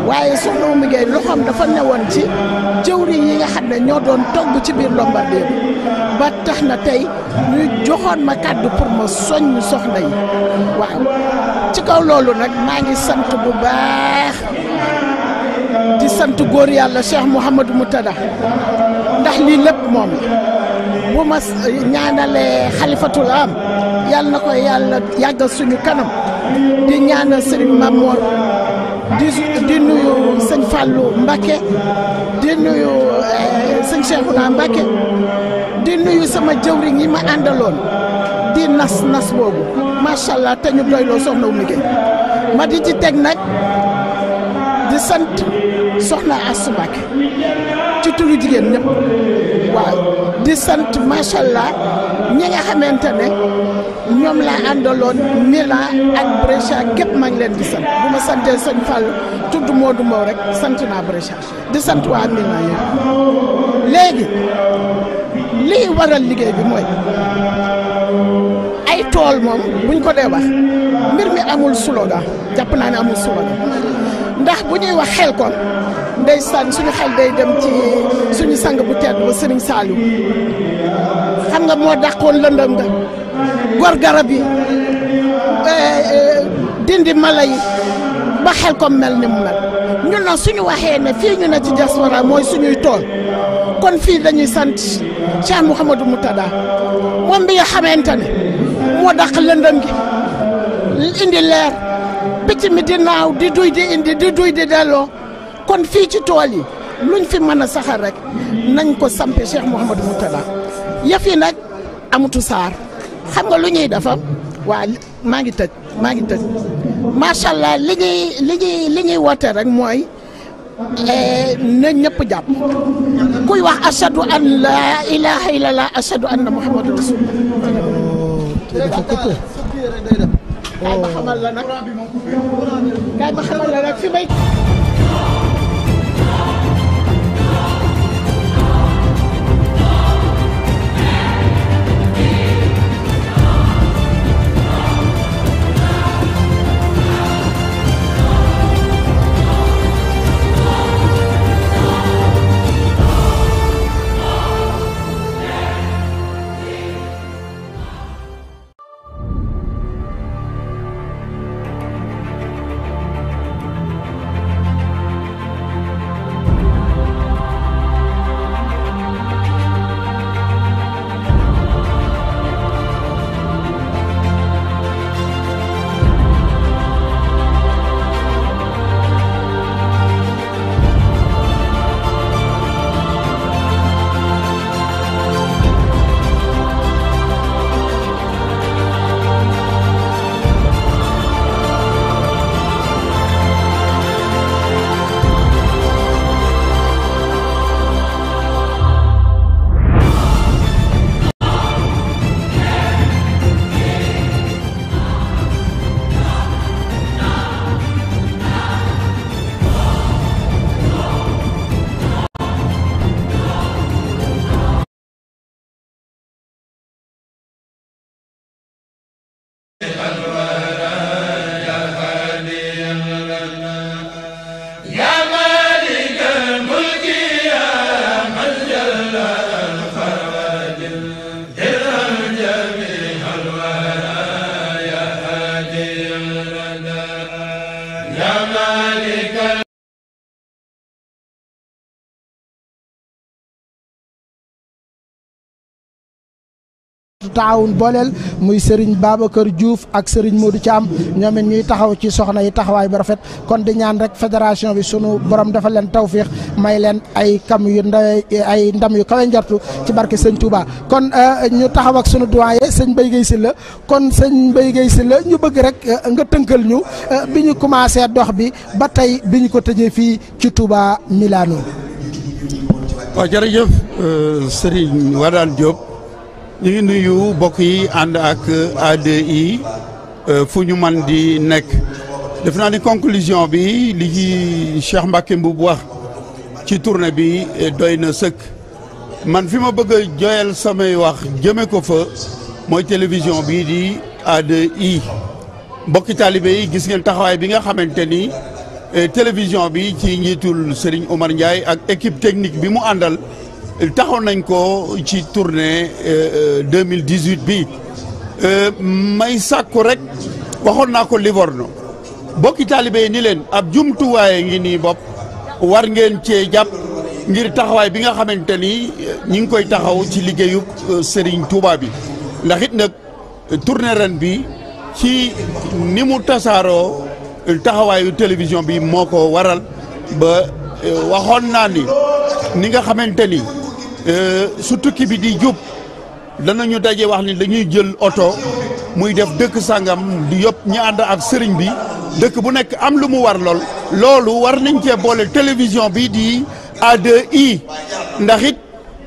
waaye soxna Oumy Gueye loxoom dafa newoon ci jëwriñ yi nga xam ne ñoo doon togg ci biir Lombardie bi ba tax na tey ñu joxoon ma kàddu pour ma soññ soxna yi waaw ci kaw loolu nag maa ngi sant bu baax. di sant góor yàlla Cheikh Mouhamadou Moutada ndax lii lépp moom la bu ma ñaanalee xalifatul am yàlla na ko yàlla yàggal suñu kanam di ñaanal Serigne Mamour di di nuyu sëñ Fallou Mbacké di nuyu eh, sëñ Cheikhouna Mbacké di nuyu sama jëwriñ yi ma àndaloon di nas nas boobu macha te ñu doyloo soxna wu liggéey ma di ci teg nag. di sant soxna Astou Mbacké ci turu jigéen ñëpp waaw di sant macha allah ñi xamante ne ñoom laa àndaloon Milan ak Brescia gépp maa ngi leen di sant bu ma santee sëñ Fall tudd Modou Mbow rek sant naa Brescia di sant waa Milan yi léegi lii waral liggéey bi mooy ay tool moom buñ ko dee wax mbir mi amul slogan jàpp naa ne amul slogan ndax bu ñuy wax xel kon ndeysaan suñu xel day dem ci suñu sang bu tedd ba Serigne Saliou xam nga moo dàqoon lëndëm nga gor garab eh, eh, dindi mala yi ba xel kon mel ni mu mel ñun na suñu waxee ne fii ñu ne ci diaspora mooy suñuy tool kon fii dañuy sant Cheikh Mouhamadou Moutada moom bi nga xamante ne moo dàq lëndëm gi indi leer. picc mi di naaw di duy di indi di duy di delloo kon fii ci tool yi luñ fi mën a saxal rek nañ ko sampe Cheikh Mouhamadou Moutala yëf yi nag amutu saar xam nga lu ñuy dafa waa maa ngi tëj maa ngi tëj macha allah li ñuy li ñuy woote rek mooy eh, na ñépp jàpp kuy wax ashadu an la ilaha illallah ashadu anna muhammadu rasulullah oh, kaay ma xamal la nag kaay ma xamal la nag fi may. taawun booleel muy Serigne kër juuf ak Serigne Modou Thiam ñoom it ñuy taxaw ci soxna yi taxawaay bu rafet kon di ñaan rek fédération bi sunu borom dafa leen tawfiix may leen ay kam yu ndaw ay ndam yu kawe njortu ci barke sëñ Touba kon euh, ñu taxaw ak sunu doyen sëñ Mbaye Guèye Sylla kon sëñ Mbaye Guèye Sylla ñu bëgg rek euh, nga tënkal ñu euh, bi ñu commencé dox bi ba tey bi ñu ko tëjee fii ci Touba Milano. waaw jërëjëf Serigne Wadane Diop. ñu ngi nuyu mbokk yi ànd ak ADI euh, fu ñu man di nekk def naa ni conclusion bi li ci Cheikh Mbacke Mboub wax ci tournée bi euh, doy na sëkk man fi ma bëgg a joyal samay wax jëme ko fa mooy télévision bi di ADI mbokki taalibe yi gis ngeen taxawaay bi nga xamante ni euh, télévision bi ci njiitul sëriñ Omar Ndiaye ak équipe technique bi mu àndal taxoon nañ ko ci tournée 2018 euh, euh, bi euh, may sàkku rek waxoon naa ko Livorno bokki taalibe ni leen ab jumtuwaay ngi nii bopp war ngeen cee jàpp ngir taxawaay bi nga xamante ni ñi ngi koy taxaw ci liggéeyub Serigne Touba bi ndax it nag tournée ren bi ci ni mu tasaaroo taxawaayu télévision bi moo ko waral ba waxoon naa ni ni nga xamante ni Euh, su tukki bi di jub danañu daje wax ni dañuy jël oto muy def dëkk sangam di yëpp ñi ànd ak sëriñ bi dëkk bu nekk am lu mu war lool loolu war nañ cee boole télévision bi di A2I ndax it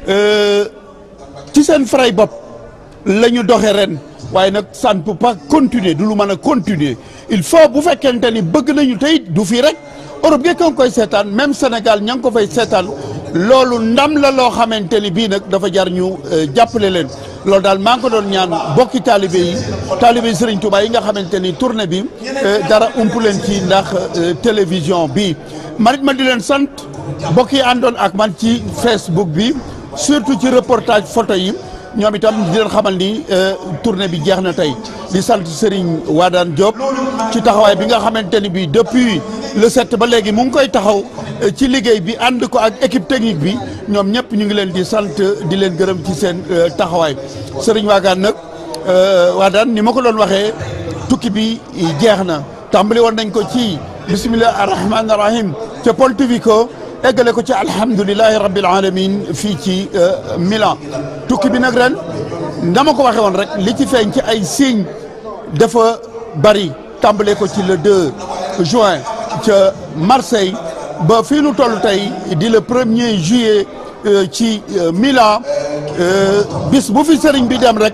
euh, ci seen fray bopp lañu ñu doxe ren waaye nag ça ne peut continuer du lu mën a continuer il faut bu fekkente ni bëgg nañu tey du fii rek Europe gi nga koy seetaan même Sénégal ña ngi ko fay seetaan loolu ndam la loo xamante ni bii nag dafa jar ñu euh, jàppale leen loolu daal maa ngi ko doon ñaan bokki taalibe yi taalibe Serigne Touba yi nga xamante ni tournée bi euh, dara ump leen ci ndax euh, télévision bi manit ma di leen sant bokk yi àndoon ak man ci Facebook bi surtout ci reportage photo yi ñoom itam di leen xamal ni tournée bi jeex na tey di sant sëriñ waa daan Diop ci taxawaay bi nga xamante ni bi depuis le sept ba léegi mu ngi koy taxaw euh, ci liggéey bi ànd ko ak équipe technique bi ñoom ñëpp ñu ngi leen di sant di leen gërëm ci seen euh, taxawaay Serigne Waagane euh, waa Waadaan ni ma ko doon waxee tukki bi jeex na tàmbali woon nañ ko ci bisimilah arrahman arrahim ca Pontevico eggale ko ci alhamdulilahi rabbil alamin fii ci Milan tukki bi nag ren ndama ko waxee woon rek li ci feeñ ci ay signe dafa bari tàmbale ko ci le 2 juin ca Marseille ba fii nu toll tey di le premier juillet euh, ci euh, Milan euh, bis bu fi sëriñ bi dem rek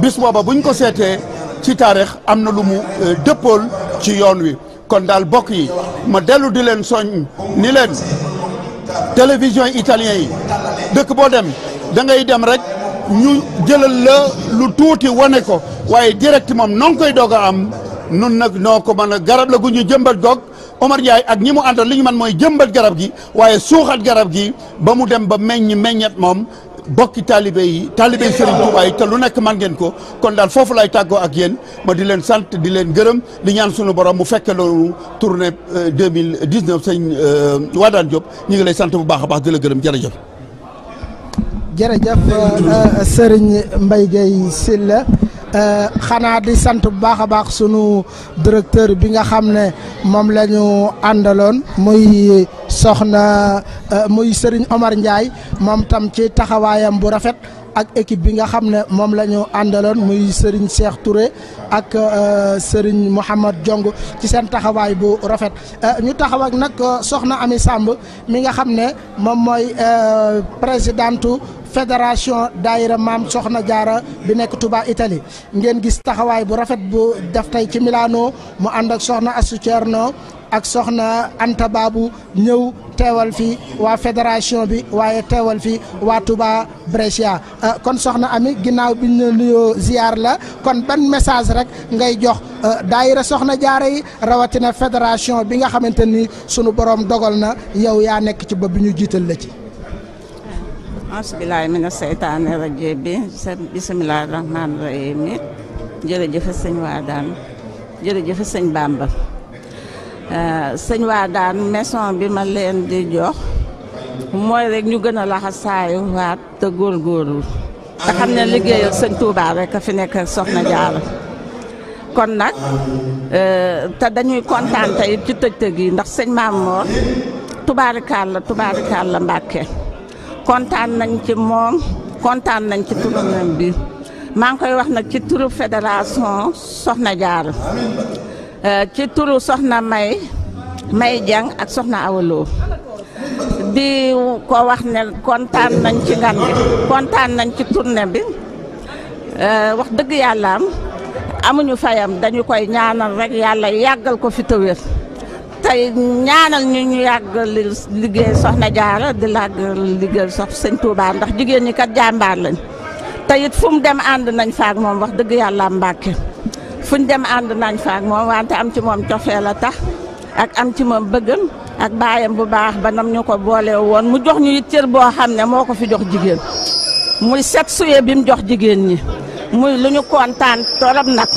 bis booba buñ ko seetee ci taarix am na lu mu dëppool ci yoon wi kon daal bokk yi ma dellu di leen soñ ni leen télévision italien yi dëkk boo dem da ngay dem rek ñu jëlal la lu tuuti wane ko waaye direct moom noo ngi koy doog a am nun nag noo ko mën a garab la gu ñu jëmbat goog Omar Ndiaye ak ñi mu àndal li ñu man mooy jëmbat garab gi waaye suuxat garab gi ba mu dem ba meññ meññet moom bokki taalibe yi taalibe yi Serigne Touba te lu nekk man ngeen ko kon daal foofu lay tàggoo ak yéen ma di leen sant di leen gërëm di ñaan sunu borom mu fekke loolu tournée 2019 euh, sëñ euh, Wadane Diop ñu ngi lay sant bu baax a baax di la gërëm jërëjëf. jërëjëf mbay euh, Mbaye Guèye Sylla Euh, xanaa di sant bu baax a baax sunu directeur bi nga xam ne moom la ñu àndaloon muy soxna euh, muy Serigne Omar Ndiaye moom tam ci taxawaayam bu rafet ak équipe bi nga xam ne moom la ñu àndaloon muy Serigne Cheikh Touré ak euh, Serigne Mouhamad Jong ci seen taxawaay bu rafet ñu taxaw ak nag soxna Ami sàmb mi nga xam ne moom mooy présidentu fédération daayira maam Soxna Jaara bi nekk tubaa itali ngeen gis taxawaay bu rafet bu daf tey ci Milano mu ànd ak Soxna Astou Thierno ak Soxna Anta Babu ñëw teewal fi waa fédération bi waaye teewal fi waa Touba Brescia euh, kon soxna Ami ginnaaw bi ñu nuyoo la kon ban message rek ngay jox euh, daayira soxna jaara yi rawatina fédération bi nga xamante ni sunu borom dogal na yow yaa nekk ci ba bi ñu jiital la ci. asbilaay mina seytaane rajiim bi bisimilah rahmaani rahiim jërëjëf sëñ Wadane jërëjëf sëñ Bamba euh, sëñ Wadane maison bi ma leen di jox mooy rek ñu gën a laxasaayu waat te góorgóorlu te xam ne liggéeyal sëñ Touba rek a fi nekk soxna Jaara kon nag euh, te dañuy kontaan tey ci tëj-tëj yi ndax sëñ Maam Mor la tubaarikaal la Mbàkke kontaan nañ ci moom kontaan nañ ci turanam bi maa ngi koy wax nag ci turu fédération Soxna Jaara euh, ci turu Soxna May May Jang ak Soxna Awaloo di ko wax ne kontaan nañ ci ngan bi kontaan nañ ci turne bi euh, wax dëgg yàlla amuñu fayam dañu koy ñaanal rek yàlla yàggal ko fi tëwéer tey ñaanal ñu ñu yàgg liggéey soxna jaara di làgg liggéey sox sëñ Touba ndax jigéen ñi kat jàmbaar lañ te it fu mu dem ànd nañ faak moom wax dëgg yàlla Mbàkke fu dem ànd nañ faak moom wante am ci moom cofee la tax ak am ci moom bëggam ak baayam bu baax ba nam ñu ko boole woon mu jox ñu it cër boo xam ne moo ko fi jox jigéen muy set suye bi mu jox jigéen ñi muy lu ñu kontaan torop nag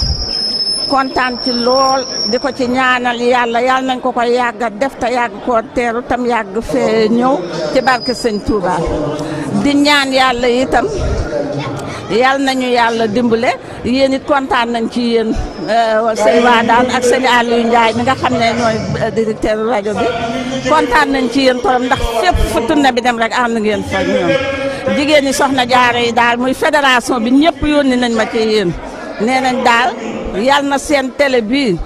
kontaan ci lool di ko ci ñaanal yàlla yàlla nañ ko ko yàgga def te yàgg ko teeru tam yàgg fee ñëw ci barke sëñ Touba di ñaan yàlla itam yàlla nañu yàlla dimbale yéen it kontaan nañ ci yéen euh, sëñ daan ak sëñ Aliou Ndiaye mi nga xam ne ñooy euh, directeur rajo bi kontaan nañ ci yéen torom ndax fépp fu tournée bi dem rek ànd ngeen fa ñoom jigéen ñi soxna jaare yi daal muy fédération bi ñëpp yónni nañ ma ci yéen nee nañ daal yal na seen télé bii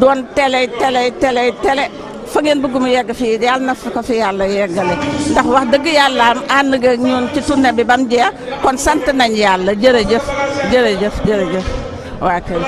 doon télé télé télé télé fa ngeen bëgg mu yegg fii yal na fa ko fi yàlla yeggale ndax wax dëgg yàlla am ànd nga ñun ci tournée bi ba mu jeex kon sant nañ yàlla jërëjëf jërëjëf jërëjëf waa kay.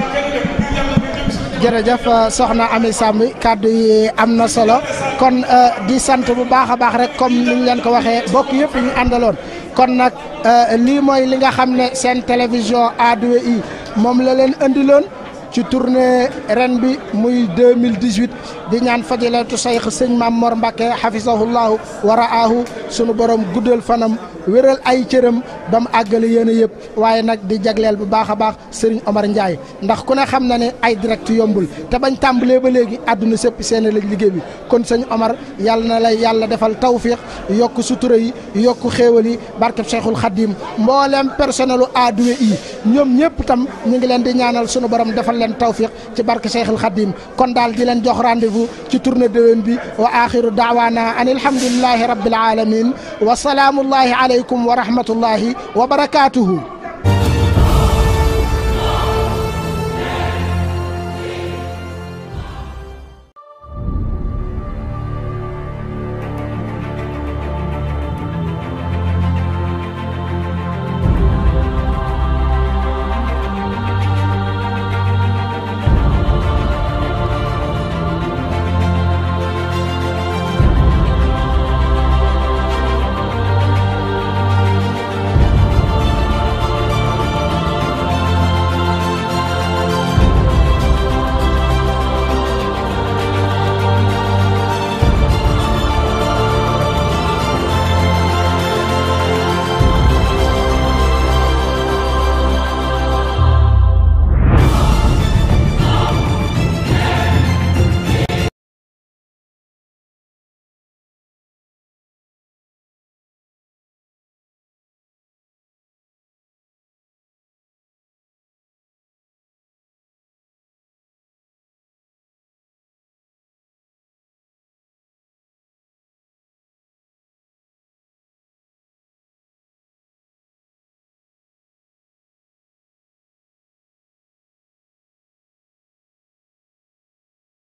jërëjëf euh, soxna Ami Samb kàddu yi am na solo kon euh, di sant bu baax a baax rek comme ni leen ko waxee bokk yëpp ñu àndaloon kon nag euh, lii mooy li nga xam ne seen télévision A2I moom la leen andiloon. ci tournée ren bi muy 2018 di ñaan fajaleetu sayx sëñ Maam Mor Mbàkke xafisahullahu wa raahu sunu borom guddal fanam wéral ay cëram ba mu àggale yéen a yëpp waaye nag di jagleel bu baax a baax Serigne Omar Ndiaye ndax ku ne xam na ne ay direct yombul te bañ tàmbalee ba léegi àdduna sëpp seen lañ liggéey bi kon sëñ Omar yàlla na lay yàlla defal tawfiix yokk sutura yi yokk xéewal yi barkeb Cheikhul Khadim mbooleem personnelu aduwe yi ñoom ñëpp tam ngi leen di ñaanal sunu borom defal leen tawfiq ci barke Cheikhul Khadim kon daal di leen jox rendez-vous ci tournée déwén bi wa axiru daawaana an alhamdulillahi rabbil alamin wa salaamullahi alaykum wa rahmatullahi wa barakaatuhu